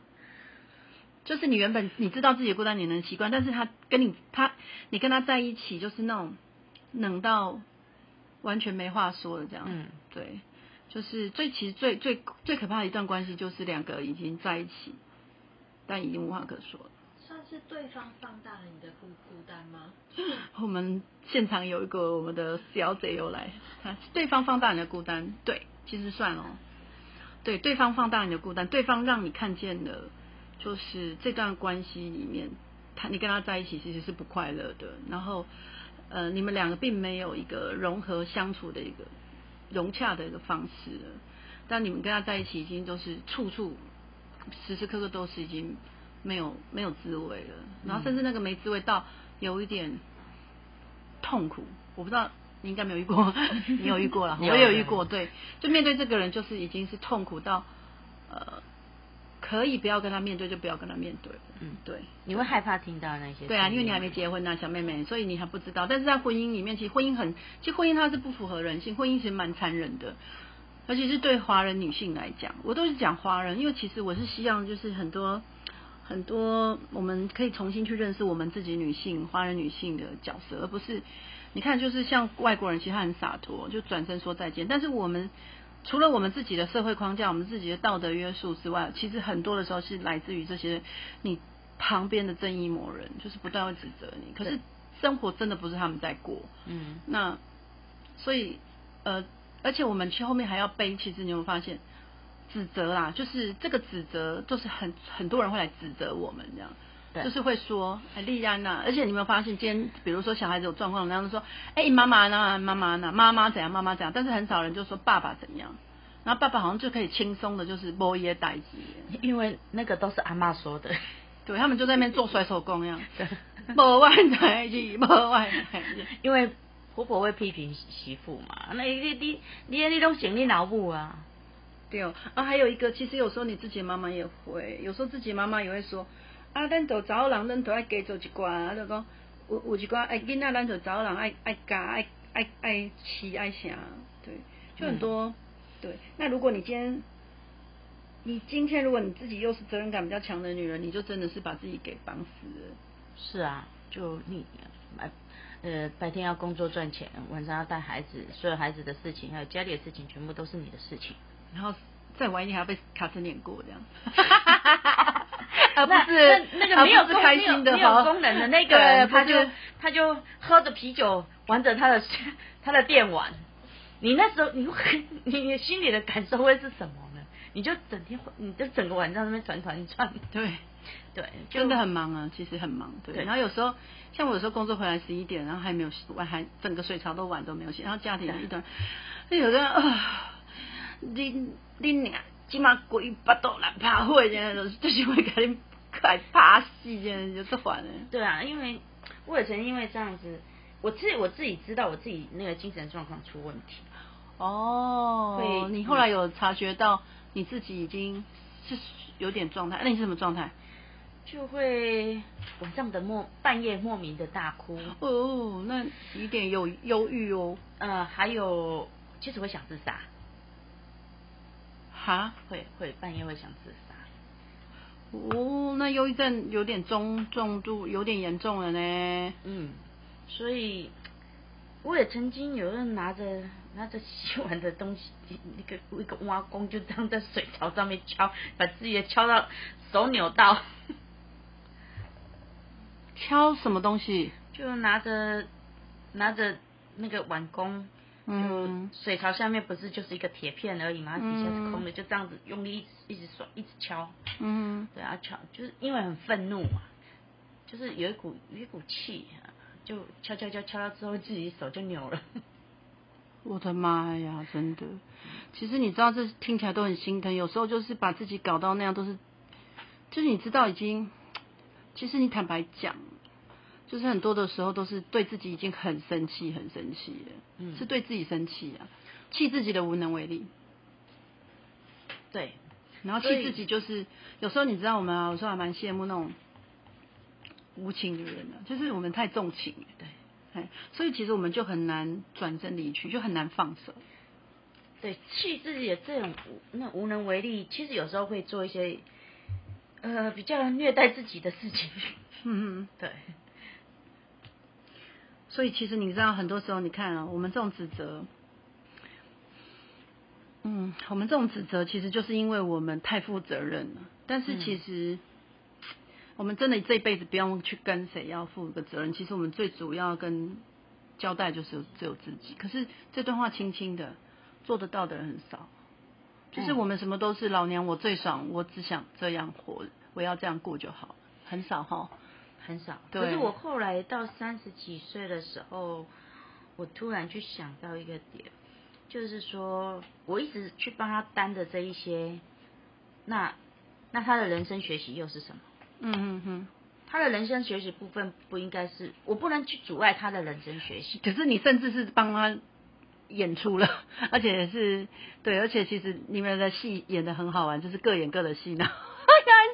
Speaker 1: 就是你原本你知道自己的孤單，你能習慣，但是他跟你他你跟他在一起，就是那種冷到完全沒話說的這樣。嗯，對，就是最其實最最最可怕的一段關係，就是兩個已經在一起，但已經無話可說了。算是對方放大了你的孤孤單嗎？ 我們現場有一個我們的小 Z 又來，他對方放大你的孤單，對，其實算哦，對，對方放大你的孤單，對方讓你看見了。就是這段關係裡面，他你跟他在一起其實是不快樂的。然後，呃，你們兩個並沒有一個融合相處的一個融洽的一個方式了。但你們跟他在一起，已經都是處處、時時刻刻都是已經沒有沒有滋味了。然後，甚至那個沒滋味到有一點痛苦。我不知道，你應該沒有遇過，你有遇過了， 我也有遇過。對，就面對這個人，就是已經是痛苦到呃。可以不要跟他面對，就不要跟他面對。嗯，對，
Speaker 2: 你會害怕聽到那些，
Speaker 1: 對。對啊，因為你還沒結婚呢，啊。小妹妹，所以你還不知道。但是在婚姻裡面，其實婚姻很，其實婚姻它是不符合人性，婚姻其實蠻殘忍的，而且是對華人女性來講，我都是講華人，因為其實我是希望就是很多很多我們可以重新去認識我們自己女性華人女性的角色，而不是你看就是像外國人，其實他很灑脫，就轉身說再見。但是我們。除了我們自己的社會框架、我們自己的道德約束之外，其實很多的時候是來自於這些你旁邊的正義魔人，就是不斷會指責你。可是生活真的不是他們在過。嗯，那所以呃，而且我們去後面還要背，其實你有沒有發現指責啦，就是這個指責，就是很很多人會來指責我們這樣。對就是會說很麗、欸、安吶、啊，而且你有沒有發現，今天比如說小孩子有狀況，人家都說，哎、欸，媽媽呢，媽媽呢，媽媽怎樣，媽媽怎、怎樣，但是很少人就說爸爸怎樣，然後爸爸好像就可以輕鬆的，就是無一些代志，因為那個都是阿媽說的，
Speaker 2: 對，他們就在那邊做甩手掌櫃，一樣，
Speaker 3: 無外代志，無外代志，因
Speaker 2: 為婆婆會批評媳婦嘛，那你你你你你都成你老母啊，
Speaker 1: 對哦，啊還有一個，其實有時候你自己媽媽也會，有時候自己媽媽也會說。啊，咱做老人，咱都要給走一寡，啊！就說有有一寡哎，囡仔咱做老人愛愛教愛愛愛飼愛啥，對，就很多。嗯、對，那如果你今天，你今天如果你自己又是責任感比較強的女人，你就真的
Speaker 2: 是把自己給綁死了。是啊，就你白呃白天要工作賺錢，晚上要帶孩子，所有孩子的事情還有家裡的事情，全部都是你的事情。然後再晚一點還要被卡車碾過這樣。
Speaker 3: 啊，呃、不是那，
Speaker 2: 那，那個沒有功能、呃、的，有沒有功能的那個，他就他就，他就喝着啤酒，玩着他的他的電玩。你那時候，你你心裡的感受會是什麼呢？你就整天，你就整個晚上在那邊團團轉，對對，
Speaker 3: 對真的很
Speaker 1: 忙啊，其實很忙。對，對然後有時候像我有時候工作回來十一點，然後還沒有洗碗，還整個水槽的碗都沒有洗，然後家庭有一段，那對有時候啊，拎
Speaker 2: 拎倆。起碼鬼巴肚怕爬火，這樣子就是會給你快戲死，這樣就煩了、欸、對啊，因為我也曾經因為這樣子，我自己我自己知道我自己那個精神狀況出問題。哦，對會你後來有
Speaker 1: 察覺到你自己已經是有點狀態？嗯、那你是什麼狀態？
Speaker 2: 就會晚上的莫半夜莫名的大哭。哦，哦，那一點有點憂憂鬱哦。呃，還有，其實會想自殺。哈，會會半夜會想自殺，哦，那憂鬱症有點中重度，有點嚴重了呢。嗯，所以我也曾經有人拿着拿着洗碗的東西，一個一個碗公就這樣在水槽上面敲，把自己的敲到手扭到。
Speaker 1: 敲什麼東西？
Speaker 2: 就拿着拿着那個碗公。嗯，水槽下面不是就是一個鐵片而已嘛，底下、嗯、是空的，就這樣子用力一直一直甩，一直敲。嗯，對啊，敲就是因為很憤怒嘛，就是有一股有一股氣啊，就敲敲敲敲了之後，自己手就扭了。
Speaker 1: 我的媽呀，真的，其實你知道這聽起來都很心疼，有時候就是把自己搞到那樣，都是，就是你知道已經，其實你坦白講。就是很多的時候都是對自己已經很生氣，很生氣了，嗯、是對自己生氣啊，氣自己的無能為力，對，然後氣自己就是所以有時候你知道我們啊，有時候還蠻羨慕那種無情的人的、啊，就是我們太重情了，對，哎，所以其實我們就很難轉身離去，就很難放手。
Speaker 2: 對，氣自己的這種無那無能為力，其實有時候會做一些呃比較虐待自己的事情，嗯嗯，對。所以其實你知道，
Speaker 1: 很多時候你看啊，我們這種指責，嗯，我們這種指責其實就是因為我們太負責任了。但是其實，嗯，我們真的這一輩子不用去跟誰要負個責任。其實我們最主要跟交代就是只有自己。可是這段話輕輕的做得到的人很少，就是我們什麼都是老娘我最爽，我只想這樣活，我要這樣過就好，很少哈。很少，對可是我
Speaker 2: 後來到三十幾歲的時候，我突然去想到一個點，就是說我一直去幫他擔著這一些，那那他的人生學習又是什麼？嗯嗯
Speaker 3: 哼嗯，
Speaker 2: 他的人生學習部分不應該是我不能去阻礙他的人生學習，可是你甚至是幫他演出了，而且是對，而且其實
Speaker 1: 你們的戲演得很好玩，就是各演各的戲呢。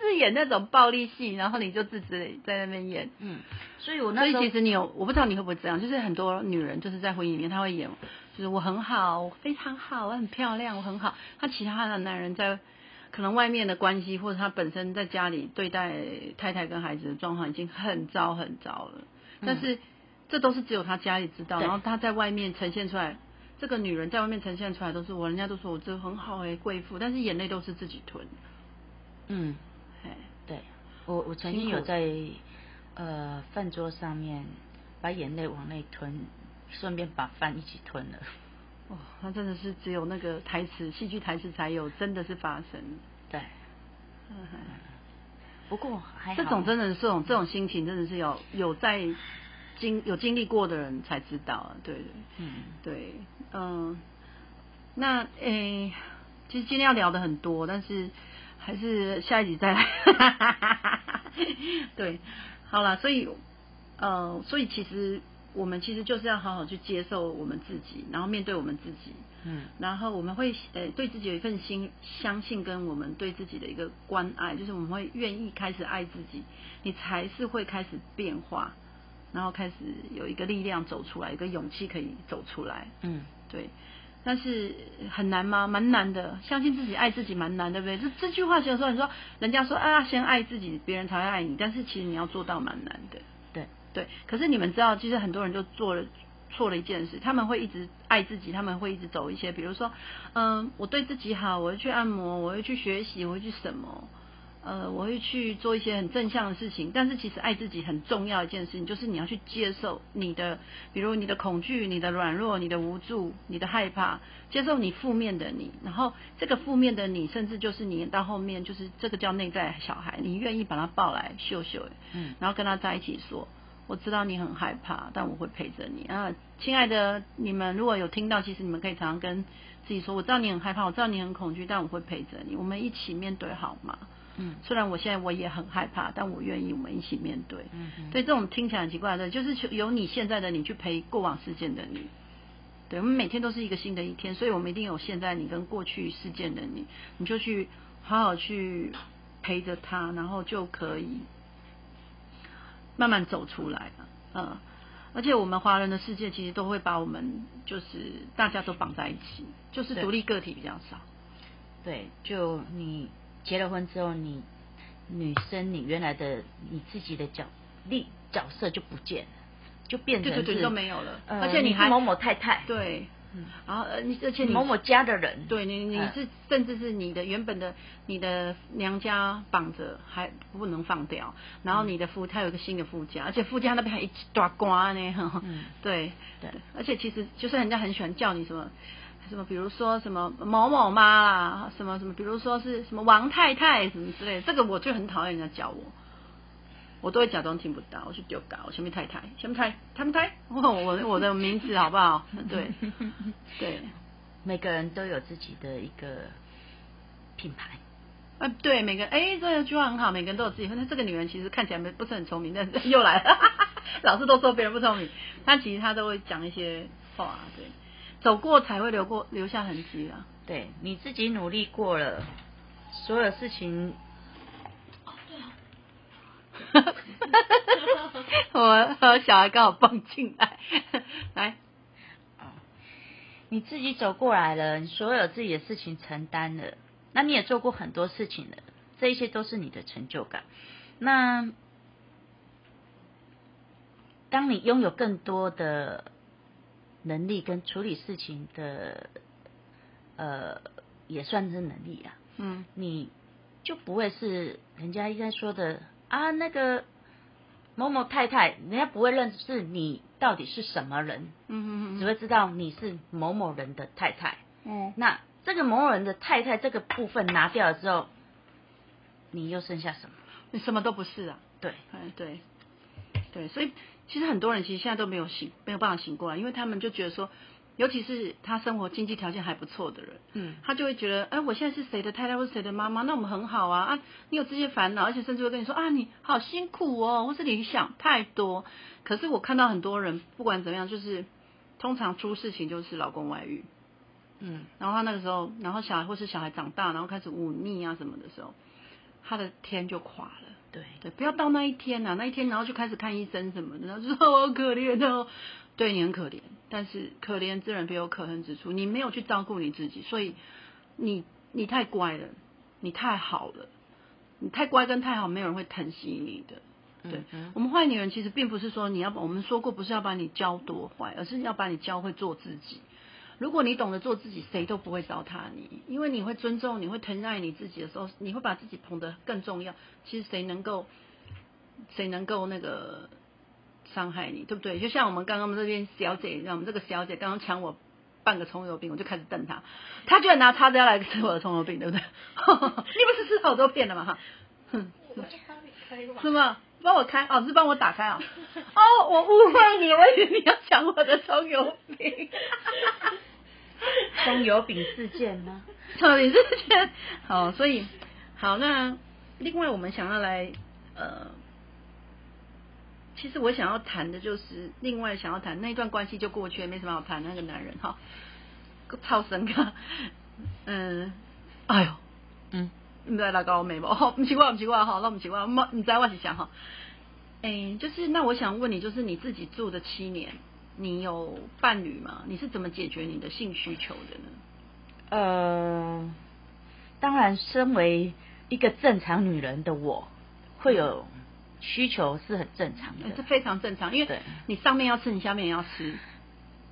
Speaker 1: 是演那種暴力戲，然後你就自己在那邊演。
Speaker 2: 嗯，所以我那時候，所以其實你
Speaker 1: 有，我不知道你會不會這樣，就是很多女人就是在婚姻裡面，她會演，就是我很好，我非常好，我很漂亮，我很好。她其他的男人在可能外面的關係，或者她本身在家裡對待太太跟孩子的狀況已經很糟很糟了，但是、嗯、這都是只有她家裡知道，對然後她在外面呈現出來，這個女人在外面呈現出來都是我，人家都說我這很好哎、欸，貴婦，但是眼淚都是自己吞。嗯。
Speaker 3: 我我曾
Speaker 2: 經有在有呃飯桌上面把眼淚往內吞，順便把飯一起吞了。
Speaker 1: 哦，那真的是只有那個台詞、戲劇台詞才有，真的是發生。對。
Speaker 3: 嗯、不過還好。這種真
Speaker 1: 的，這種這種心情，真的是有有在經有經歷過的人才知道、啊。對對。嗯。對，嗯。那哎、欸、其實今天要聊的很多，但是。還是下一集再
Speaker 3: 來，
Speaker 1: 對，好了，所以，呃，所以其實我們其實就是要好好去接受我們自己，然後面對我們自己，嗯，然後我們會呃、欸、對自己有一份心相信跟我們對自己的一個關愛，就是我們會願意開始愛自己，你才是會開始變化，然後開始有一個力量走出來，一個勇氣可以走出來，嗯，對。但是很難嗎？蠻難的，相信自己愛自己蠻難，對不對？這這句話其實你說，人家說啊，先愛自己，別人才會愛你。但是其實你要做到蠻難的，對對。可是你們知道，其實很多人就做了錯了一件事，他們會一直愛自己，他們會一直走一些，比如說，嗯，我對自己好，我會去按摩，我會去學習，我會去什麼。呃，我會去做一些很正向的事情，但是其實愛自己很重要一件事情，就是你要去接受你的，比如你的恐懼、你的軟弱、你的無助、你的害怕，接受你負面的你，然後這個負面的你，甚至就是你到後面就是這個叫內在小孩，你願意把他抱來秀秀，嗯，然後跟他在一起說，我知道你很害怕，但我會陪着你啊，呃，親愛的，你們如果有聽到，其實你們可以常常跟自己說，我知道你很害怕，我知道你很恐懼，但我會陪着你，我們一起面對好嗎？嗯，雖然我現在我也很害怕，但我願意我們一起面對。嗯哼，對，這種聽起來很奇怪的，就是有你現在的你去陪過往事件的你，對，我們每天都是一個新的一天，所以我們一定有現在你跟過去事件的你，你就去好好去陪着他，然後就可以慢慢走出來了。嗯，而且我們華人的世界其實都會把我們就是大家都綁在一起，就是獨立個體比較少。對，
Speaker 2: 對，就你。結了婚之後，你女生你原來的你自己的角力角色就不見，就變成就沒有了，而且你還某某太太，
Speaker 1: 對，然
Speaker 2: 後而且你某某家的人，對你你是
Speaker 1: 甚至是你的原本的你的娘家綁着還不能放掉，然後你的夫他有個新的夫家，而且夫家那邊還一打刮呢，對對，而且其實就是人家很喜歡叫你什麼？什麼？比如說什麼某某媽啦，什麼什麼？比如說是什麼王太太什麼之類的，這個我就很討厭人家叫我，我都會假裝聽不到，我去丟稿我前面太太，前面太太，不太，太、哦、太，我我我的名字好不好？
Speaker 2: 對 對，對每個人都有自己的一個品牌。
Speaker 1: 啊，對，每個哎，這、欸、句話很好，每個人都有自己。那這個女人其實看起來沒不是很聰明，但是又來了，呵呵老是都說別人不聰明，她其實她都會講一
Speaker 2: 些話，對。
Speaker 1: 走過才會留過留下痕跡啊！
Speaker 2: 對，你自己努力過了，所有事情。哦， 我和小孩剛好蹦進來，來。好你自己走過來了，你所有自己的事情承擔了，那你也做過很多事情了，這一些都是你的成就感。那當你擁有更多的，能力跟處理事情的，呃，也算是能力啊，嗯，你就不會是人家應該說的啊，那個某某太太，人家不會認識你到底是什麼人。嗯嗯，只會知道你是某某人的太太。嗯，那這個某某人的太太這個部分拿掉了之後，你又剩下什麼？你什麼都不是啊。
Speaker 1: 對。嗯，對。對，所以其實很多人其實現在都沒有醒，沒有辦法醒過來，因為他們就覺得說，尤其是他生活經濟條件還不錯的人，嗯，他就會覺得，哎，我現在是誰的太太或誰的媽媽，那我們很好啊，啊，你有這些煩惱，而且甚至會跟你說，啊，你好辛苦哦，或是你想太多。可是我看到很多人，不管怎麼樣，就是通常出事情就是老公外遇，嗯，然後他那個時候，然後小孩或是小孩長大，然後開始忤逆啊什麼的時候，他的天就垮了。對對，不要到那一天啊，那一天然後就開始看醫生什麼的，然後說哦，可憐哦，對你很可憐。但是可憐之人必有可恨之處，你沒有去照顧你自己，所以你你太乖了，你太好了，你太乖跟太好，沒有人會疼惜你的。對，嗯
Speaker 3: 哼，
Speaker 1: 我們壞女人其實並不是說你要把我們說過不是要把你教多壞，而是要把你教會做自己。如果你懂得做自己，誰都不會糟蹋你，因為你會尊重、你會疼愛你自己的時候，你會把自己捧得更重要。其實誰能夠，誰能夠那個傷害你，對不對？就像我們剛剛這邊小姐一樣，我們這個小姐剛剛搶我半個蔥油餅，我就開始瞪她。她居然拿叉子要來吃我的蔥油餅，對不對？ 你不是吃好多遍了嗎？哼 是嗎？
Speaker 2: 幫我，開哦，幫我開哦，是幫我打開啊！哦，我誤會你，我以為你要搶我的蔥油
Speaker 3: 餅？蔥 油餅事件嗎？
Speaker 2: 蔥 油餅事
Speaker 1: 件。 油餅 好，所以好，那另外我們想要來呃，其實我想要談的就是另外想要談那段關係就過去了，沒什麼好談。那個男人哈，超生啊，嗯、呃，哎呦，嗯。你在哪我眉毛？好，不奇怪，不奇怪哈，那不奇怪。你再往下想。哈。哎，就是那我想問你，就是你自己住的七年，你有伴侶嗎？你是怎麼解決你的性需求的
Speaker 2: 呢？呃，當然，身為一個正常女人的我，會有需求是很正常的，欸、這非常正常，因為你上面要吃，你下面也要吃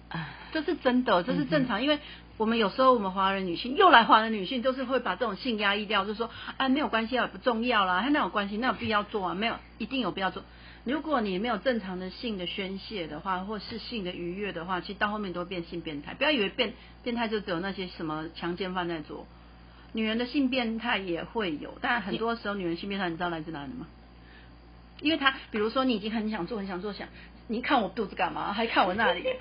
Speaker 1: 啊，對這是真的，這是正常，嗯、哼因為。我們有時候，我們華人女性又來，華人女性都是會把這種性壓抑掉，就是說，哎，沒有關係，啊，不重要啦，啊，他那種關係，那有必要做啊？沒有，一定有必要做。如果你沒有正常的性的宣洩的話，或是性的愉悅的話，其實到後面都會變性變態。不要以為變變態就只有那些什麼強姦犯在做，女人的性變態也會有。但很多時候，女人性變態，你知道來自哪裡嗎？因為她，比如說，你已經很想做，很想做，想你看我肚子幹嘛？還看我那裡？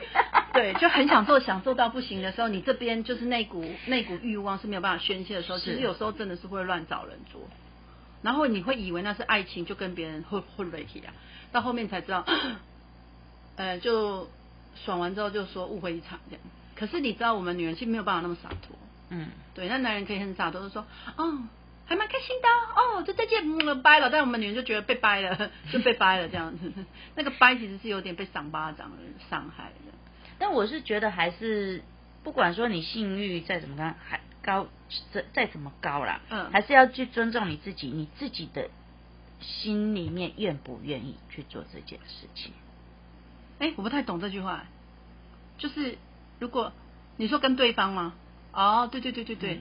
Speaker 1: 對，就很想做，享受到不行的時候，你這邊就是那股那股欲望是沒有辦法宣泄的時候，其實有時候真的是會亂找人做，然後你會以為那是愛情，就跟別人混混在一起啊，到後面才知道，呃，就爽完之後就說誤會一場這樣。可是你知道，我們女人是沒有辦法那麼灑脫。嗯，對，那男人可以很灑脫的說，哦，還蠻開心的，哦，就再見，呃，掰了。但我們女人就覺得被掰了，
Speaker 2: 就被掰了這樣子， 那個掰其實是有點被賞巴掌的傷害的。但我是覺得，還是不管說你性欲再怎麼高，還高再怎麼高啦，嗯，還是要去尊重你自己，你自己的心裡面願不願意去做這件事情？
Speaker 1: 哎、欸，我不太懂這句話，就是如果你說跟對方嗎？哦，對對對對對，啊、嗯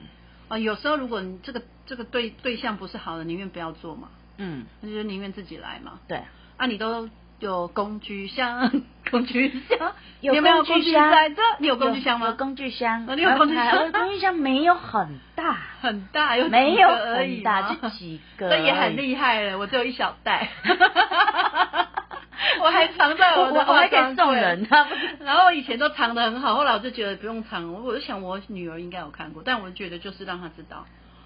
Speaker 1: 呃，有時候如果你這個這個對對象不是好的，寧願不要做嘛，嗯，那就寧願自己來
Speaker 2: 嘛，對，啊，你都有工具箱。像工具箱有沒有工具箱，工具箱？你有工具箱嗎？有，有工具箱、啊。你有工具箱？工具箱沒有很大，很大，沒有而已嗎？就幾個，這也很厲
Speaker 1: 害了。我只有一小袋，
Speaker 2: 我還藏在我的化妝我我還可以送人
Speaker 1: 呢、啊。然後我以前都藏得很好，後來我就覺得不用藏，我就想我女兒應該有看過，但我覺得就是讓她知道。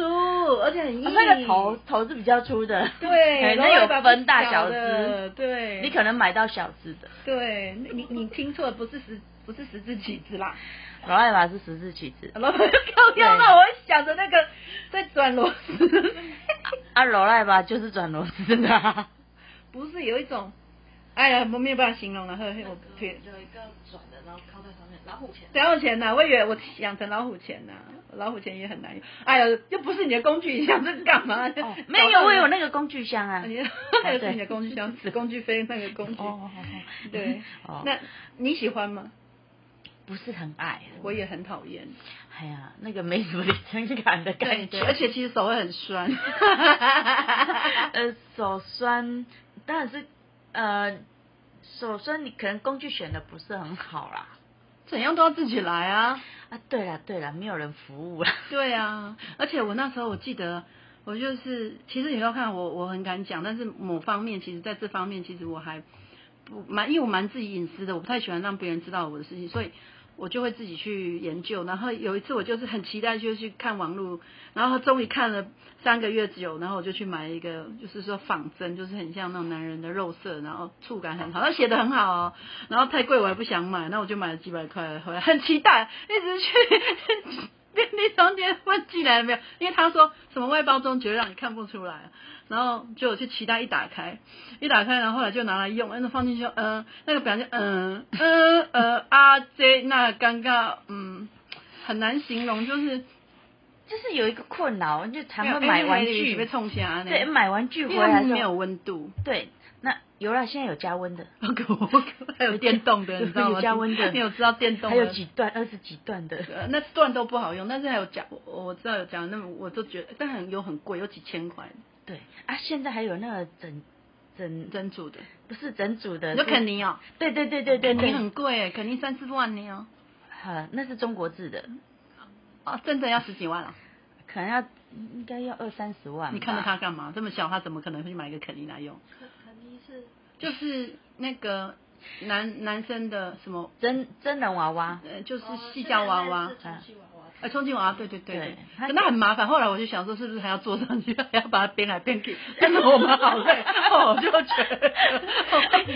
Speaker 2: 粗，而且很硬。那個、啊、頭頭是比較粗的，對、欸，那有分大小隻，對，你可能買到小隻的。
Speaker 1: 對，你你聽錯了，不是十不是十字起子啦，
Speaker 2: 羅賴吧是十字起子。老高調嘛，對我想着那個在轉螺絲、啊，啊，羅賴吧就是轉螺絲的、啊，
Speaker 1: 不是有一種。哎呀，我沒有辦法形容了。後後我有一個轉的，然
Speaker 3: 後靠在上面。老虎鉗？老虎鉗吶，
Speaker 1: 我以為我養成老虎鉗吶，老虎鉗也很難用。哎呀，又不是你的工具箱，這是幹嘛？沒有，我有那個工具箱啊。你那個是你的工具箱，此工具非那個工具。哦對。那你喜歡嗎？不是很愛，我也很討厭。
Speaker 2: 哎呀，那個沒什麼成就感的感覺，而且其實手會很酸。呃，手酸，當然是。呃，首先你可能工具選的不是很好啦，
Speaker 1: 怎樣都要自己來
Speaker 2: 啊！嗯、啊，對了對了，沒有人服務了。對啊，而且我那時候我記得，我就是其
Speaker 1: 實你要看我，我很敢講，但是某方面其實在這方面其實我還不蠻，因為我蠻自己隱私的，我不太喜歡讓別人知道我的事情，所以。我就會自己去研究，然後有一次我就是很期待就去看網路，然後終於看了三個月久，然後我就去買一個，就是說仿真，就是很像那種男人的肉色，然後觸感很好，他寫得很好哦，然後太貴我還不想買，那我就買了幾百塊回來，很期待一直去 便利店問寄來沒有，因為他說什麼外包裝絕對讓你看不出來。然後就我去期待一打開，一打開，然後後來就拿來用，然後放進去，嗯、呃，那個表情、呃呃呃啊那個、嗯嗯呃 RJ，那尷尬嗯，很
Speaker 2: 難形容，就是就是有一個困擾，就常們買玩具被沖、欸啊呃、對，買玩具完是沒有溫度。對，那有了現在有加溫的，OK， 還
Speaker 3: 有電動的，你知道嗎？有加溫的。你有知道電動？還有幾
Speaker 2: 段，二十幾段的，那
Speaker 1: 段都不好用，但是還有加，我我知道有加，那我都覺得，但很有很貴，有幾千塊。
Speaker 2: 對，啊，現在還有那個整整整組的，不是整組的，那肯尼哦，對對對，對，對，對，肯尼很
Speaker 1: 貴哎，肯定三四萬呢
Speaker 2: 哦，那是中國製的，哦，真的要十幾萬了，啊，可能要應該要二三十萬，你看到他幹
Speaker 1: 嘛？這麼小，他怎麼可能會去買一個肯尼來用？肯
Speaker 3: 肯尼是
Speaker 1: 就是那個男男生的什麼真真人娃娃，呃，就是矽膠娃娃，呃欸、啊，充氣娃娃，對對對，對那很麻煩。後來我就想說，是不是還要坐上去，還要把它編來
Speaker 2: 編去，編得我們好累、 哦。
Speaker 3: 我就覺得，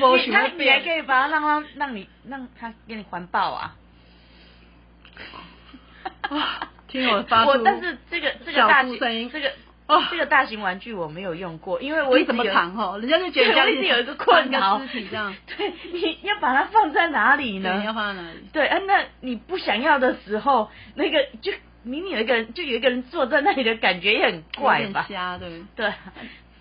Speaker 3: 哦、你，你還可以
Speaker 2: 把它讓它讓你讓它給你環抱啊。哈
Speaker 3: 發
Speaker 2: 聽我的發出我但是，這個這個，大聲音。這個哦，這個大型玩具我沒有用過，因為我一直怎麼藏吼，人家就覺得，家裡是有一個困擾，對，你要把它放在哪裡呢？你要放在哪裡？對、啊，那你不想要的時候，那個就明明有一個人，就有一個人坐在那裡的感覺也很怪吧？瞎對，
Speaker 3: 對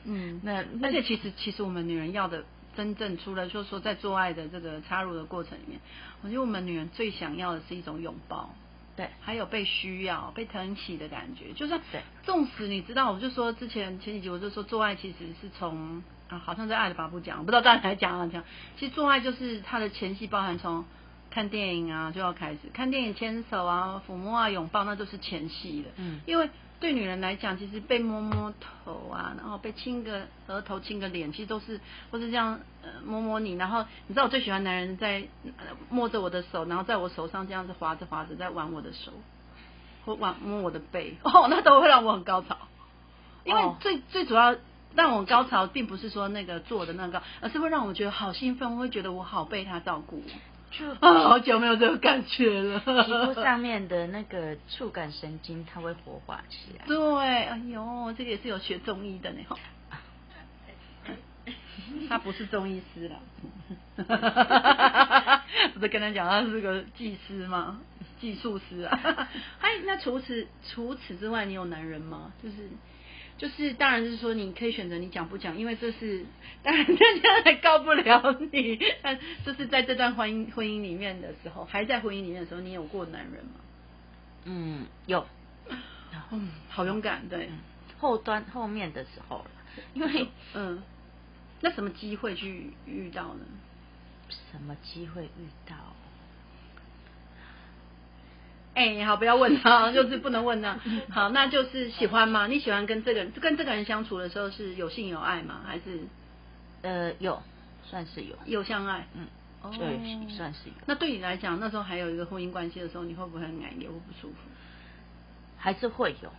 Speaker 1: 嗯，那而且其實其實我們女人要的真正出來，就是說在做愛的這個插入的過程裡面，我覺得我們女人最想要的是一種擁抱。對，還有被需要、被疼惜的感覺，就是縱對使你知道，我就說之前前幾集我就說做愛其實是從啊，好像在《愛的法》不講，不知道剛才講了講，其實做愛就是它的前戲，包含從看電影啊就要開始，看電影牽手啊、撫摸啊、擁抱，那都是前戲的，嗯，因為。對女人來講，其實被摸摸頭啊，然後被親個額頭、親個臉，其實都是，或是這樣呃摸摸你，然後你知道我最喜歡男人在摸着我的手，然後在我手上這樣子滑着滑着，在玩我的手，或玩摸我的背，哦、oh，那都會讓我很高潮。因為最、oh. 最主要讓我高潮，並不是說那個做的那個，而是會讓我覺得好興奮，我會覺得我好被他照顧。
Speaker 2: 啊，好久沒有這種感覺了。皮膚上面的那個觸感神經，它會活化起來。
Speaker 1: 對，哎呦，這個也是有學中醫的呢。
Speaker 2: 他不是中醫師了。
Speaker 1: 我在跟他講，他是個技師嘛，技術師啊。 哎，那除此除此之外，你有男人嗎？就是。就是當然，是說你可以選擇你講不講，因為這是當然，他將來告不了你。就是在這段婚姻婚姻裡面的時候，還在婚姻裡面的時候，你有過男人嗎？嗯，
Speaker 2: 有。
Speaker 3: 嗯，
Speaker 2: 好勇敢，對。後端後面的時候
Speaker 1: 了，因為嗯，那什麼機會去遇到呢？
Speaker 2: 什麼機會遇到？
Speaker 1: 哎、欸，好，不要問他，就是不能問他。好，那就是喜歡嗎？你喜歡跟這個人，跟這個人相處的時候是有性有愛嗎？還是，呃，有，算是有，有相愛，嗯，
Speaker 2: 對，嗯對，算
Speaker 1: 是有。那對你來講，那時候還有一個婚姻關係的時候，你會不會很壓抑，會不舒服？還是會有。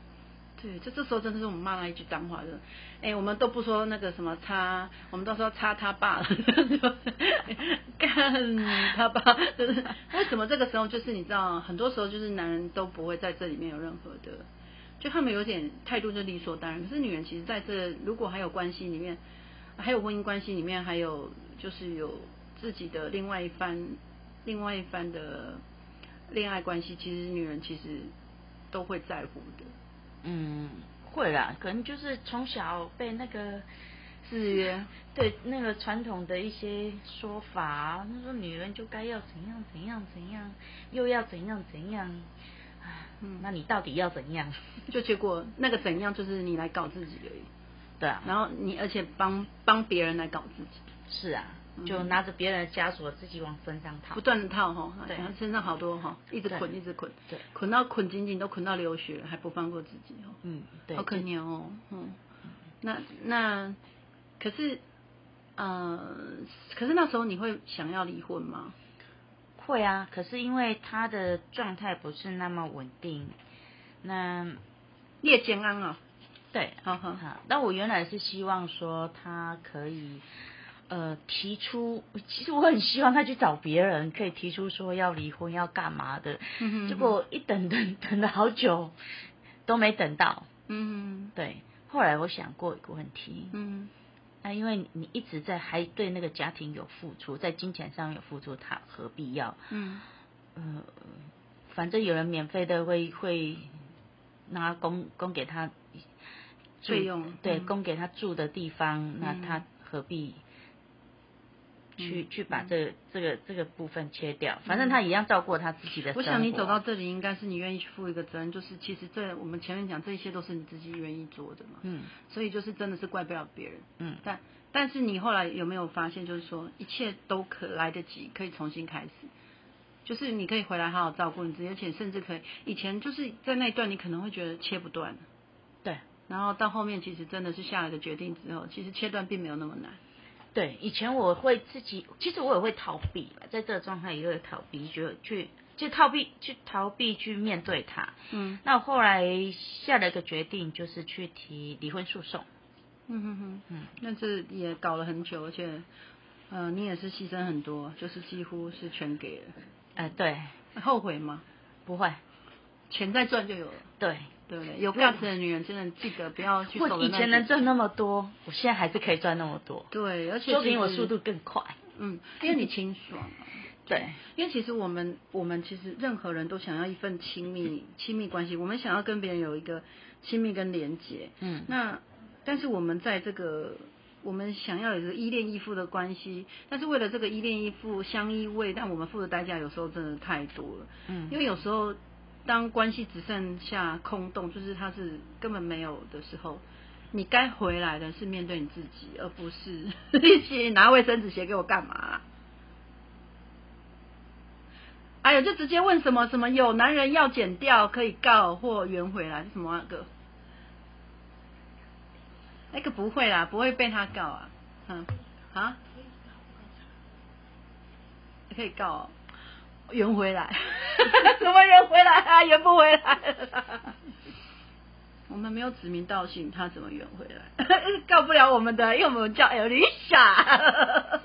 Speaker 1: 對，這這時候真的是我們罵他一句髒話的，就是，哎，我們都不說那個什麼擦，我們都說插他爸了，
Speaker 3: 幹 他爸，就是
Speaker 1: 為什麼這個時候就是你知道，很多時候就是男人都不會在這裡面有任何的，就他們有點態度就理所當然。可是女人其實在這如果還有關係裡面，還有婚姻關係裡面，還有就是有自己的另外一番另外一番的戀愛關係，其實女人其實
Speaker 2: 都會在乎的。嗯，會啦，可能就是從小被那個是耶、嗯，對那個傳統的一些說法，那說女人就該要怎樣怎樣怎樣，又要怎樣怎樣，唉，嗯、那你到底要怎樣？
Speaker 1: 就結果那個怎樣就是你來搞自己而已，對啊，然後你而且幫幫別人來搞自己，是啊。就拿着別人的枷鎖，
Speaker 2: 自己往身上套、
Speaker 3: 嗯，不斷
Speaker 1: 的套哈、哦，然後對身上好多哈、哦，一直捆，對一直捆，捆對到捆緊緊都捆到流血了，還不放過自己哦，嗯，對好可憐哦，嗯，
Speaker 2: 嗯那那可是，呃，可是那時候你會想要離婚嗎？會啊，可是因為他的狀態不是那麼穩定，那你也健康啊、哦，對，好,呵好那我原來是希望說他可以。呃，提出其實我很希望他去找別人，可以提出說要離婚要幹嘛的，嗯、哼哼，結果一等等等了好久，都沒等到。嗯
Speaker 3: 哼，
Speaker 2: 對。後來我想過一個問題，嗯哼，那、啊、因為你一直在還對那個家庭有付出，在金錢上有付出，他何必要，嗯，呃，反正有人免費的會會拿供供給他費用，嗯、對，供給他住的地方，嗯、哼那他何必？去去把這個嗯、這個這個部分切掉，反正他一樣照顧他自己的。我想你走到
Speaker 1: 這裡，應該是你願意去負一個責任，就是其實這我們前面講，這一切都是你自己願意做的嘛。嗯。所以就是真的是怪不了別人。嗯。但但是你後來有沒有發現，就是說一切都可來得及，可以重新開始，就是你可以回來好好照顧你自己，而且甚至可以以前就是在那一段，你可能會覺得切不斷。對。然後到後面，其實真的是下了個
Speaker 2: 決定之後，其實切斷並沒有那麼難。對，以前我會自己，其實我也會逃避吧，在這個狀態也會逃避，就去就逃避，去逃避，去面對他。嗯，那我後來下了一個決定，就是去提離婚訴訟。
Speaker 1: 嗯哼哼，嗯，但是也搞了很久，而且，呃，你也是犧牲很多，就是幾乎是全給了。哎、呃，對，後悔嗎？不會，錢再賺就有了。對。對，有價值的女人 真的記得不要去守著那。以前能
Speaker 2: 賺那麼多，我現在還是可以賺那麼多。對，而且說明我速度更快。嗯，因為你清
Speaker 3: 爽
Speaker 1: 啊。對，因為其實我們，我們其實任何人都想要一份親密親密關係，我們想要跟別人有一個親密跟連接。嗯。那但是我們在這個，我們想要有一個依戀依附的關係，但是為了這個依戀依附相依偎，但我們付的代價有時候真的太多了。嗯。因為有時候。當關係只剩下空洞，就是他是根本沒有的時候，你該回來的是面對你自己，而不是一起 拿衛生紙寫給我幹嘛？啊？哎呀，就直接問什麼什麼有男人要剪掉可以告或圓回來，什麼那、啊、個那、欸、個不會啦，不會被他告啊，嗯啊，啊，可以告、喔。圓回來，呵呵怎麼圓回來啊？圓不回來，啊。我們沒有指名道姓，他怎麼圓回來呵呵？告不了我們的，因為我們叫 LISA。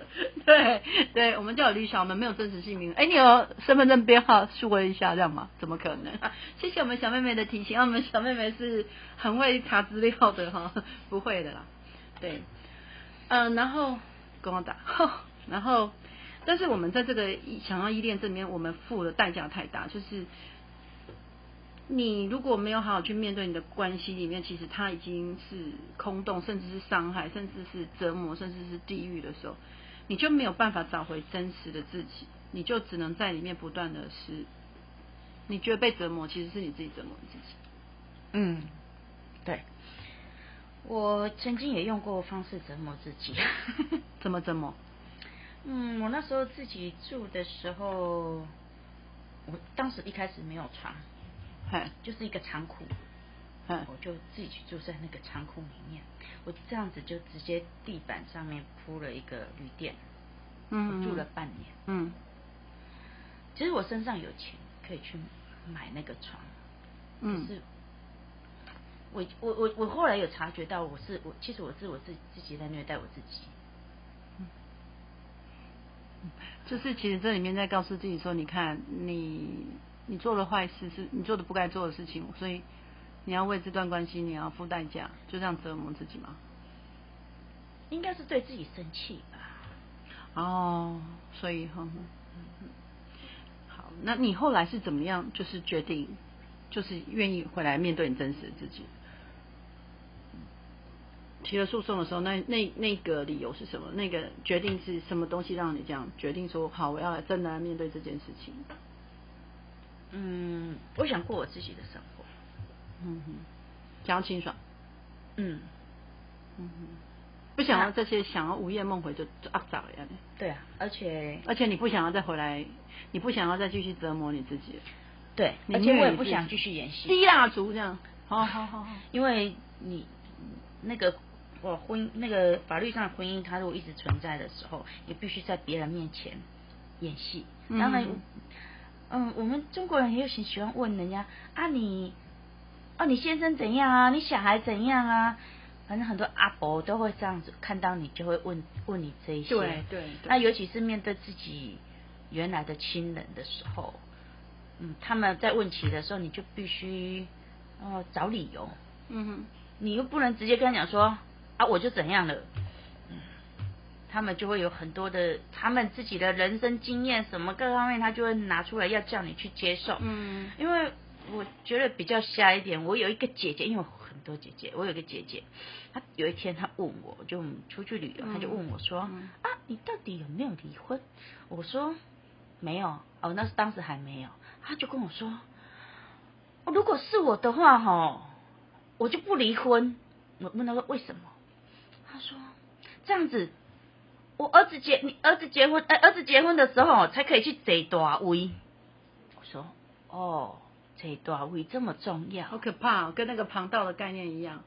Speaker 1: 對對，我們叫 LISA，我們沒有真實姓名。哎，欸，你有身份證編號？詢問一下，這樣嗎？怎麼可能？啊，謝謝我們小妹妹的提醒，啊，我們小妹妹是很會查資料的哈。不會的啦，對。嗯，然後跟我打，然後。然後然後但是我們在這個想要依戀這裡面，我們付的代價太大，就是你如果沒有好好去面對你的關係裡面，其實它已經是空洞，甚至是傷害，甚至是折磨，甚至是地獄的時候，你就沒有辦法找回真實的自己，你就只能在裡面不斷的是，你覺得被折磨，其實是你自
Speaker 2: 己折磨你自己。嗯，對。我曾經也用過方式折磨自己。 怎麼折磨？嗯，我那時候自己住的時候，我當時一開始沒有床，嘿就是一個倉庫，嘿我就自己去住在那個倉庫裡面。我這樣子就直接地板上面鋪了一個綠墊，嗯哼，我住了半年。嗯，其實我身上有錢可以去買那個床，嗯、可是我我我我後來有察覺到我，我是我其實我是我自己自己在虐待我自己。嗯，就
Speaker 1: 是其實這裡面在告訴自己說，你看你你做的壞事是你做的不該做的事情，所以你要為這段關係你要付代價，就這樣折磨自己嗎？應
Speaker 2: 該是對自己生
Speaker 3: 氣
Speaker 1: 吧。哦，所以呵
Speaker 3: 呵，好，那你後
Speaker 1: 來是怎麼樣？就是決定，就是願意回來面對你真實的自己。提了訴訟的時候，那那那個理由是什麼？那個決定是什麼東西讓你這樣決定說？說好，我要來真的來面對這件事情。嗯，我
Speaker 2: 想過我自己的生活。
Speaker 1: 嗯哼，想要清爽。嗯嗯哼，不想要這些，啊、想要午夜夢回就阿早一樣。對啊，而且而且你不想要再回來，你不想要再繼續折磨你自己。對，你 而且我也不想繼續演戲。
Speaker 2: 低蠟燭這樣。好好好。因為你那個。我婚那個法律上的婚姻，它如果一直存在的時候，你必須在別人面前
Speaker 3: 演戲。嗯、哼當然，
Speaker 2: 嗯，我們中國人也有喜喜歡問人家啊你，你哦，你先生怎樣啊？你小孩怎樣啊？反正很多阿婆都會這樣子，看到你就會問問你這一些。對對。
Speaker 3: 對對，那尤
Speaker 2: 其是面對自己原來的親人的時候，嗯，他們在問起的時候，你就必須哦、呃、找理由。嗯哼，你又不能直接跟他講說。啊，我就怎樣了？嗯，他們就會有很多的，他們自己的人生經驗，什麼各方面，他就會拿出來要叫你去接受。嗯，因為我覺得比較瞎一點。我有一個姐姐，因為我很多姐姐，我有一個姐姐，她有一天她問我，我就出去旅遊，她、嗯、就問我說：“嗯、啊，你到底有沒有離婚？”我說：“沒有。”哦，那是當時還沒有。她就跟我說：“如果是我的話，吼我就不離婚。”我問她說：“為什麼？”
Speaker 3: 他說
Speaker 2: 這樣子，我兒子結，你兒子結婚，哎，兒子結婚的時候才可以去坐大位。我說哦，坐大位這麼重要，好可怕，哦，跟那個旁道的概念一樣。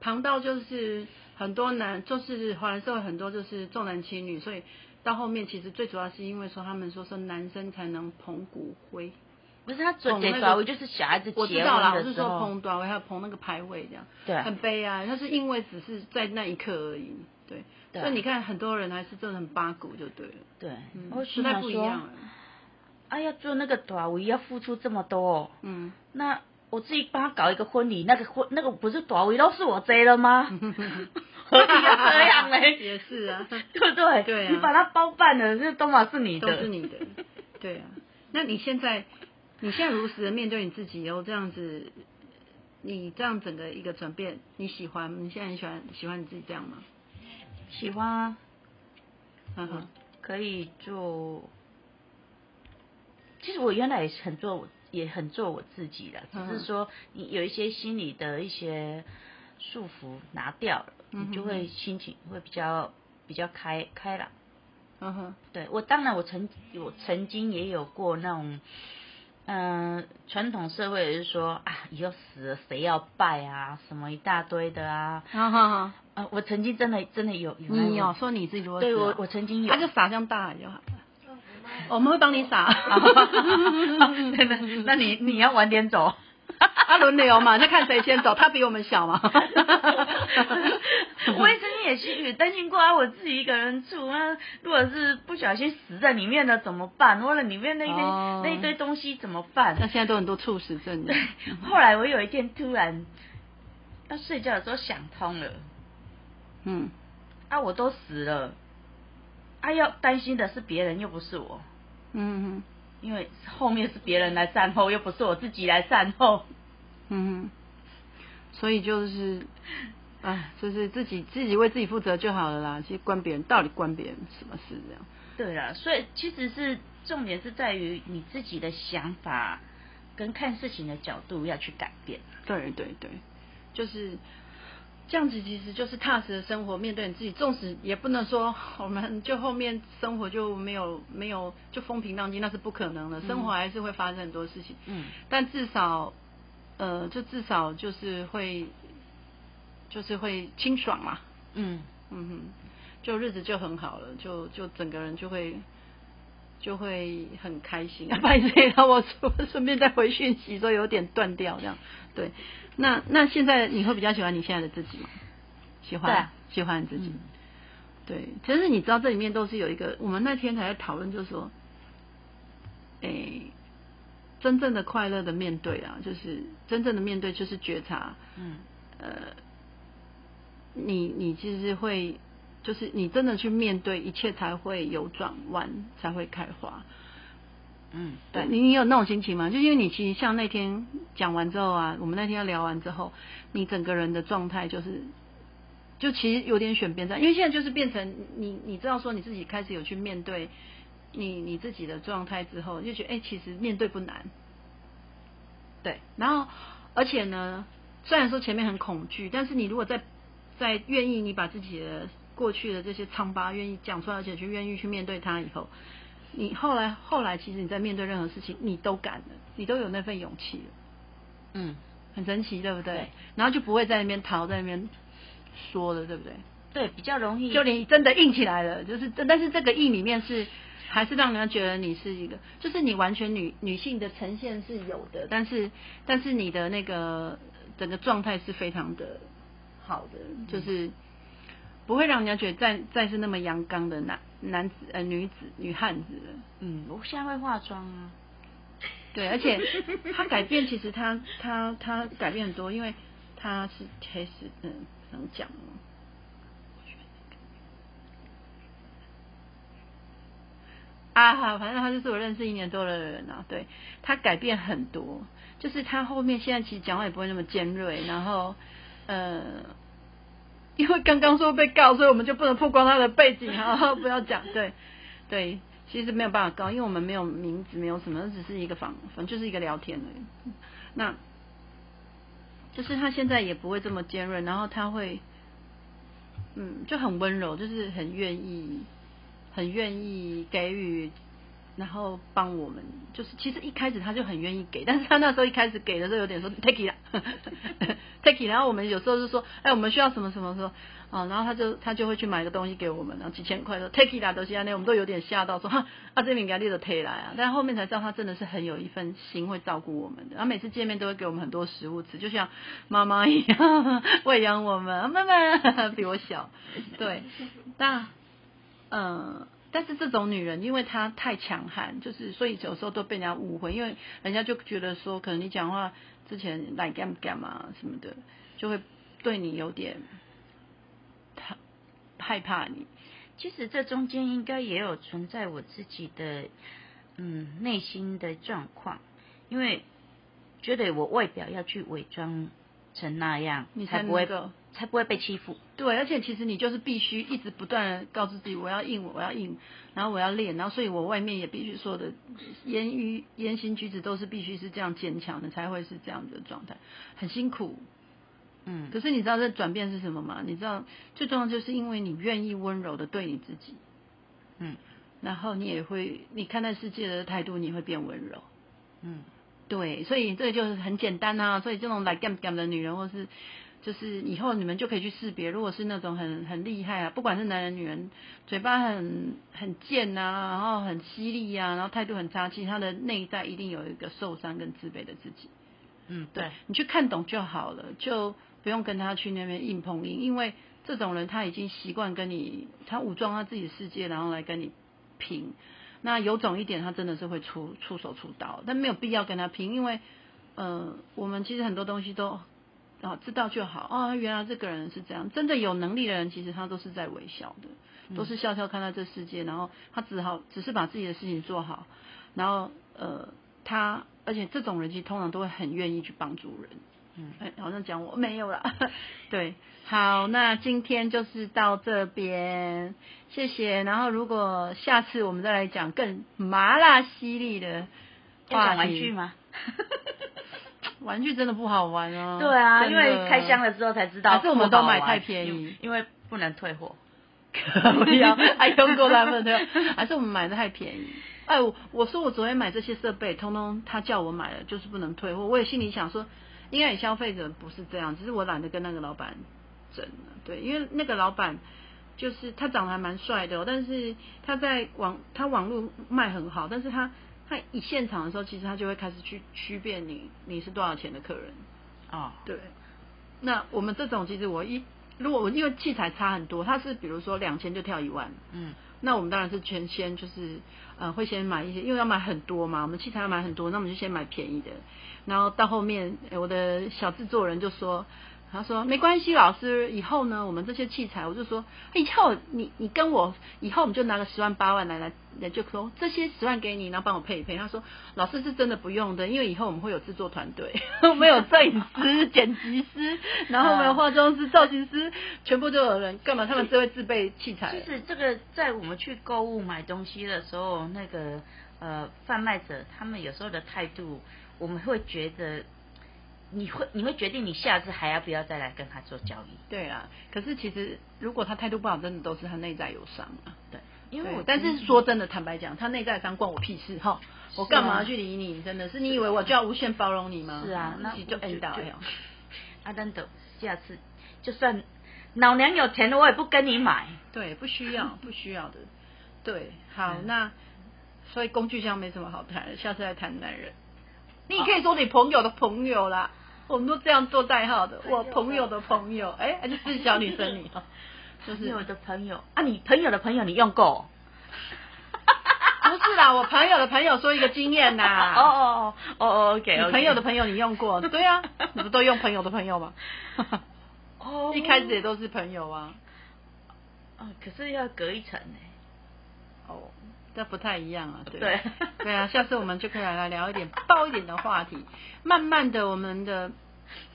Speaker 2: 旁道就是
Speaker 1: 很多男，就是華人社會很多就是重男輕女，所以到後面其實最主要是因為說他們說說男生才能捧骨灰。不是他準捧短尾，就是小孩子結婚的時候。我知道了，我是說捧短尾，還有捧那個牌位這樣，對，很悲啊。他是因為只是在那
Speaker 2: 一刻而已，對。所以你
Speaker 1: 看，很多人還是做很八股就對
Speaker 2: 了。對，我實在不一樣了。哎呀，做那個短尾要付出這麼多，嗯。那我自己幫他搞一個婚禮，那個婚那個不是短尾都是我摘的嗎？何必要這樣嘞？
Speaker 3: 也是啊，對不對？對，你把
Speaker 2: 它包辦了，這都嘛是你
Speaker 3: 的，是你的。對
Speaker 1: 啊，那你現在？你現在如實的面對你自己，然後這樣子，你這樣整個一個轉變，你喜歡？你現在喜歡喜歡你自己這
Speaker 2: 樣嗎？喜歡啊。呵呵嗯哼，可以做。其實我原來也是很做，也很做我自己的，呵呵只是說你有一些心理的一些束縛拿掉了，呵呵你就會心情會比較比較開開朗。嗯哼呵，對，我當然我曾我曾經也有過那種。嗯，傳、呃、統社會也是說啊，以後死了誰要拜啊，什麼一大堆的啊。好好啊哈。我曾經真的真的有，有你要、嗯、說你自己說，對我我曾經有，他、啊、就撒向大海就好了。嗯嗯嗯嗯嗯、我們會幫你撒。那你你要晚點走。阿輪流嘛，那 看誰先走，他比我們小嘛。 我也曾經也是，也擔心過啊，我自己一個人住啊，如果是不小心死在裡面的怎麼辦？或者裡面那堆、哦、那一堆東西怎麼辦？那現在都很多猝死症的。 後來我有一天突然要睡覺的時候想通了，嗯，啊，我都死了，啊要擔心的是別人又不是我，
Speaker 3: 嗯哼，
Speaker 2: 因為後面是別人來善後，又不是我自己來善後，嗯哼，所以就是。哎，就是自己自
Speaker 1: 己為自己負責就好了啦，其實，關別人到底關別人什麼事這樣？
Speaker 2: 對啦，所以其實是重點是在於你自己的想法跟看事情的角度要去改變。對對對，就是這樣子，其實就是踏實的
Speaker 1: 生活，面對你自己，縱使也不能說我們就後面生活就沒有沒有就風平浪靜，那是不可能的，生活還是會發生很多事情。嗯，但至少，呃，就至少就是會。就是會清爽嘛，嗯嗯哼，就日子就很好了，就就整個人就會就會很開心。啊、不好意思、啊，讓我說我順便再回訊息，說有點斷掉這樣。對，那那現在你會比較喜歡你現在的自己嗎？喜歡、啊、喜歡你自己，嗯、對，其實你知道這裡面都是有一個，我們那天才在討論，就是說，哎、欸，真正的快樂的面對啊，就是真正的面對就是覺察，嗯呃。你你其實會，就是你真的去面對一切，才會有轉彎，才會開花。嗯，
Speaker 3: 對，你
Speaker 1: 你有那種心情嗎？就因為你其實像那天講完之後啊，我們那天要聊完之後，你整個人的狀態就是，就其實有點選邊站。因為現在就是變成你你知道說你自己開始有去面對你你自己的狀態之後，就覺得哎、欸，其實面對不難。對，然後而且呢，雖然說前面很恐懼，但是你如果在在願意你把自己的過去的這些瘡疤願意講出來，而且去願意去面對它以後，你後來後來其實你在面對任何事情，你都敢了，你都有那份勇氣了。嗯，很神奇，對不對？對，然後就不會在那邊逃，在那邊說了，對不對？
Speaker 2: 對，比較容易。就你真的硬起
Speaker 1: 來了，就是但是這個硬裡面是還是讓人家覺得你是一個，就是你完全女女性的呈現是有的，但是但是你的那個整個狀態是非常的。好的，就是不會讓人家覺得再再是那麼陽剛的男男子，呃，女子女漢子了。
Speaker 2: 嗯，我現在會化妝啊，
Speaker 1: 對，而且他改變，其實他 他他，他改變很多，因為他是開始嗯想講了。啊，好，反正他就是我認識一年多的人啊。對，他改變很多，就是他後面現在其實講話也不會那麼尖銳，然後。呃，因為剛剛說被告，所以我們就不能曝光他的背景哈， 不要講，對對，其實沒有辦法告，因為我們沒有名字，沒有什麼，只是一個訪，反正就是一個聊天而已。那，就是他現在也不會這麼尖銳，然後他會，嗯，就很溫柔，就是很願意，很願意給予。然後幫我們，就是其實一開始他就很願意給，但是他那時候一開始給的時候有點說 take it 啊，take it。然後我們有時候就說，哎、欸，我們需要什麼什麼，說、嗯、啊，然後他就他就會去買個東西給我們，然後幾千塊說 take it 啊、東西啊，那我們都有點嚇到說哈，啊這名給他列的 take 來啊，但後面才知道他真的是很有一份心會照顧我們的，然後每次見面都會給我們很多食物吃，就像媽媽一樣餵養我們。妹妹比我小，對，大， 嗯、呃。但是這種女人，因為她太強悍，就是所以有時候都被人家誤會，因為人家就覺得說，可能你講話之前來幹嘛什麼的，就會對你有點，
Speaker 2: 他害怕你。其實這中間應該也有存在我自己的，嗯，內心的狀況，因為覺得我外表要去偽裝成那樣，你才不會。才不會被欺負。
Speaker 1: 對，而且其實你就是必須一直不斷告訴自己，我要硬，我要硬，然後我要練，然後所以我外面也必須說的言語、言行舉止都是必須是這樣堅強的，才會是這樣的狀態。很辛苦，嗯。可是你知道這轉變是什麼嗎？你知道最重要的就是因為你願意溫柔的對你自己，嗯。然後你也會你看待世界的態度，你會變溫柔，嗯。對，所以這就是很簡單啊。所以這種來干不干的女人，或是。就是以後你們就可以去識別，如果是那種很很厲害啊，不管是男人女人，嘴巴很很賤吶、啊，然後很犀利啊，然後態度很差勁，他的內在一定有一個受傷跟自卑的自己。嗯，對，對，你去看懂就好了，就不用跟他去那邊硬碰硬，因為這種人他已經習慣跟你，他武裝他自己的世界，然後來跟你拼。那有種一點，他真的是會出出手出刀，但沒有必要跟他拼，因為，呃，我們其實很多東西都。好、哦，知道就好哦，原來這個人是這樣，真的有能力的人，其實他都是在微笑的，嗯、都是笑笑看到這世界，然後他只好只是把自己的事情做好，然後呃，他而且這種人其實通常都會很願意去幫助人，嗯、欸，好像講我沒有啦， 對，好，那今天就是到這邊，謝謝，然後如果下次我們再來講更麻辣犀利的話，一句嗎？ 玩具真
Speaker 2: 的不好玩哦、啊。對啊，的因為開箱了之後才知道。還是我們都買太便宜，因為不能退貨。可
Speaker 3: 不要還用過來嗎
Speaker 1: 對。還是我們買的太便宜。哎，我我說我昨天買這些設備，通通他叫我買的，就是不能退貨。我也心裡想說，應該有消費者不是這樣，只是我懶得跟那個老闆整了。對，因為那個老闆就是他長得還蠻帥的、哦，但是他在網他網絡賣很好，但是他。他一現場的時候，其實他就會開始去區別你，你是多少錢的客人啊？Oh. 對。那我們這種，其實我一如果我因為器材差很多，他是比如說兩千就跳一萬，嗯，那我們當然是全先就是呃會先買一些，因為要買很多嘛，我們器材要買很多，那我們就先買便宜的，然後到後面，欸，我的小制作人就說。他說：“沒關係，老師，以後呢，我們這些器材，我就說，以後你你跟我以後，我們就拿個十萬八萬來來，就說這些十萬給你，然後幫我配一配。”他說：“老師是真的不用的，因為以後我們會有製作團隊， 沒有攝影師、 剪輯師，
Speaker 3: 然後沒有
Speaker 1: 化妝師、啊、造型師，全部都有人幹嘛？他們都會自備器材。”其實
Speaker 2: 這個在我們去購物買東西的時候，那個呃，販賣者他們有時候的態度，我們會覺得。你會你會決定你下次還要不要再來跟他做交易？對啊，可是其實
Speaker 1: 如果他態度不好，真的都是他內在有傷啊。對，因為我但是說真的，坦白講，他內在傷關
Speaker 2: 我屁事哈，我幹嘛要去理你？真的是你以為我就要無限包容你嗎？是啊，那其實就 end 到阿丹德，下次就算老娘有錢了，我也不跟你買。對，不需要，不需要的。對，好，那所
Speaker 1: 以工具箱沒什麼好談，下次再談男人。你可以說你朋友的朋友啦。我們都這樣做代號的，我朋友的朋友，哎、欸，就是小女生，你
Speaker 2: 就是朋友的朋友啊，你朋友的朋友你用過？ 不是啦，我朋友的朋友說一個經驗吶，哦哦哦哦，OK，, okay. 朋友的朋友你用過？ 對呀、啊，
Speaker 1: 你們都用朋友的朋友嗎？哦 ，oh, 一開始也都是朋友啊，啊，可是要隔一層呢、欸，
Speaker 3: 哦。Oh.
Speaker 1: 那不太一樣啊，對對，對啊，下次我們就可以來，來聊一點爆 一點的話題，慢慢的我們的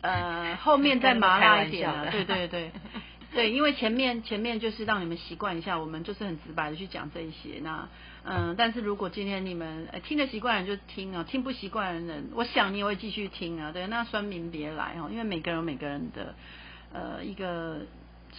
Speaker 1: 呃後面再麻辣一點了， 對對對 對，因為前面前面就是讓你們習慣一下，我們就是很直白的去講這一些，那嗯、呃，但是如果今天你們聽得習慣就聽啊，聽不習慣的人，我想你也會繼續聽啊，對，那酸民別來哦，因為每個人有每個人的呃一個。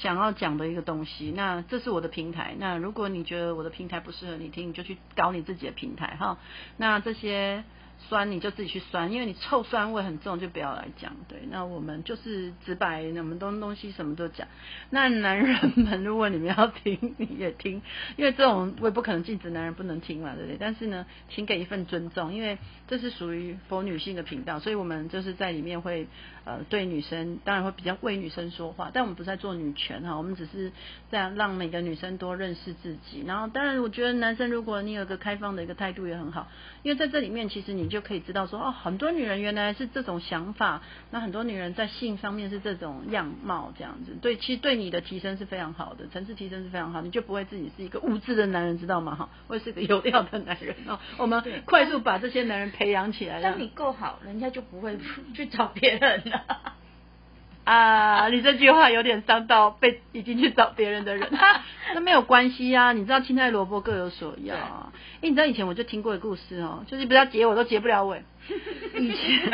Speaker 1: 想要講的一個東西，那這是我的平台。那如果你覺得我的平台不適合你聽，你就去搞你自己的平台哈。那這些酸你就自己去酸，因為你臭酸味很重，就不要來講。對，那我們就是直白，那麼多東西什麼都講。那男人們，如果你們要聽，你也聽，因為這種我也不可能禁止男人不能聽嘛，對不對？但是呢，請給一份尊重，因為這是屬於佛女性的頻道，所以我們就是在裡面會。呃，對女生當然會比較為女生說話，但我們不是在做女權哈，我們只是在讓每個女生多認識自己。然後，當然我覺得男生，如果你有個開放的一個態度也很好，因為在這裡面其實你就可以知道說，哦，很多女人原來是這種想法，那很多女人在性上面是這種樣貌這樣子，對，其實對你的提升是非常好的，層次提升是非常好的，你就不會自己是一個無知的男人，知道嗎？哈，會是一個有料的男人哦。我們快速把這些男人培養起來，當你夠好，人家就不會 去找別人。 啊，你這句話有點傷到被已經去找別人的人，那 沒有關係啊。你知道青菜蘿蔔各有所要啊。因為對、欸、你知道以前我就聽過的故事哦，就是不要結我都結不了尾。
Speaker 3: 以前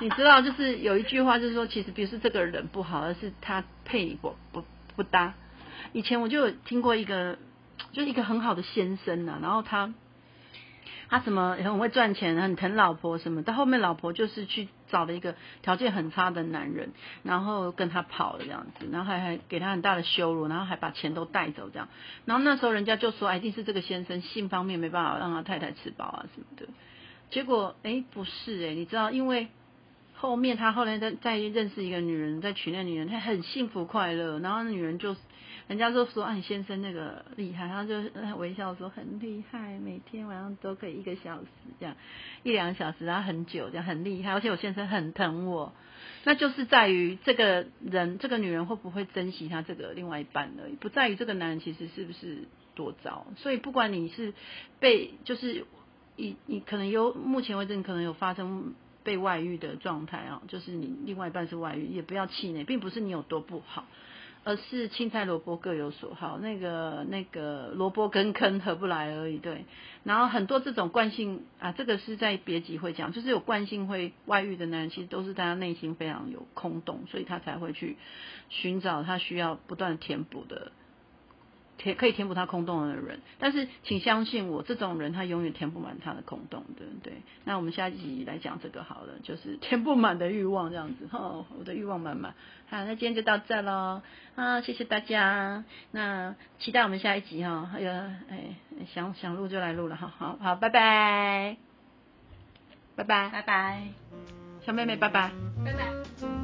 Speaker 1: 你知道，就是有一句話就是說，其實不是這個人不好，而是他配你不不不搭。以前我就有聽過一個，就是一個很好的先生啊，然後他他什麼也很會賺錢，很疼老婆什麼，到後面老婆就是去。找了一個條件很差的男人，然後跟他跑了這樣子，然後還還給他很大的羞辱，然後還把錢都帶走這樣，然後那時候人家就說，哎，一定是這個先生性方面沒辦法讓他太太吃飽啊什麼的，結果哎不是哎，你知道，因為後面他後來再再認識一個女人，再娶那女人，他很幸福快樂，然後那女人就。人家都說：“啊，你先生那個厲害。”他就微笑說：“很厲害，每天晚上都可以一個小時這樣，一兩個小時，然後很久，這樣很厲害。”而且我先生很疼我，那就是在於這個人，這個女人會不會珍惜她這個另外一半而已，不在於這個男人其實是不是多糟。所以不管你是被，就是你你可能有目前為止你可能有發生被外遇的狀態啊，就是你另外一半是外遇，也不要氣餒，並不是你有多不好。而是青菜蘿蔔各有所好，那個那個蘿蔔跟坑合不來而已。對，然後很多這種慣性啊，這個是在別集會講，就是有慣性會外遇的男人，其實都是大家內心非常有空洞，所以他才會去尋找他需要不斷填補的。可以填補他空洞的人，但是請相信我，這種人他永遠填不滿他的空洞，對不對？那我們下一集來講這個好了，就是填不滿的慾望這樣子。哦，我的慾望滿滿。好，那今天就到這嘍。啊，謝謝大家。那期待我們下一集哈、哦。哎呀、哎，哎，想想錄就來錄了哈。好好，好，拜拜，拜拜 bye，拜拜 bye，小妹妹，拜拜，拜
Speaker 3: 拜。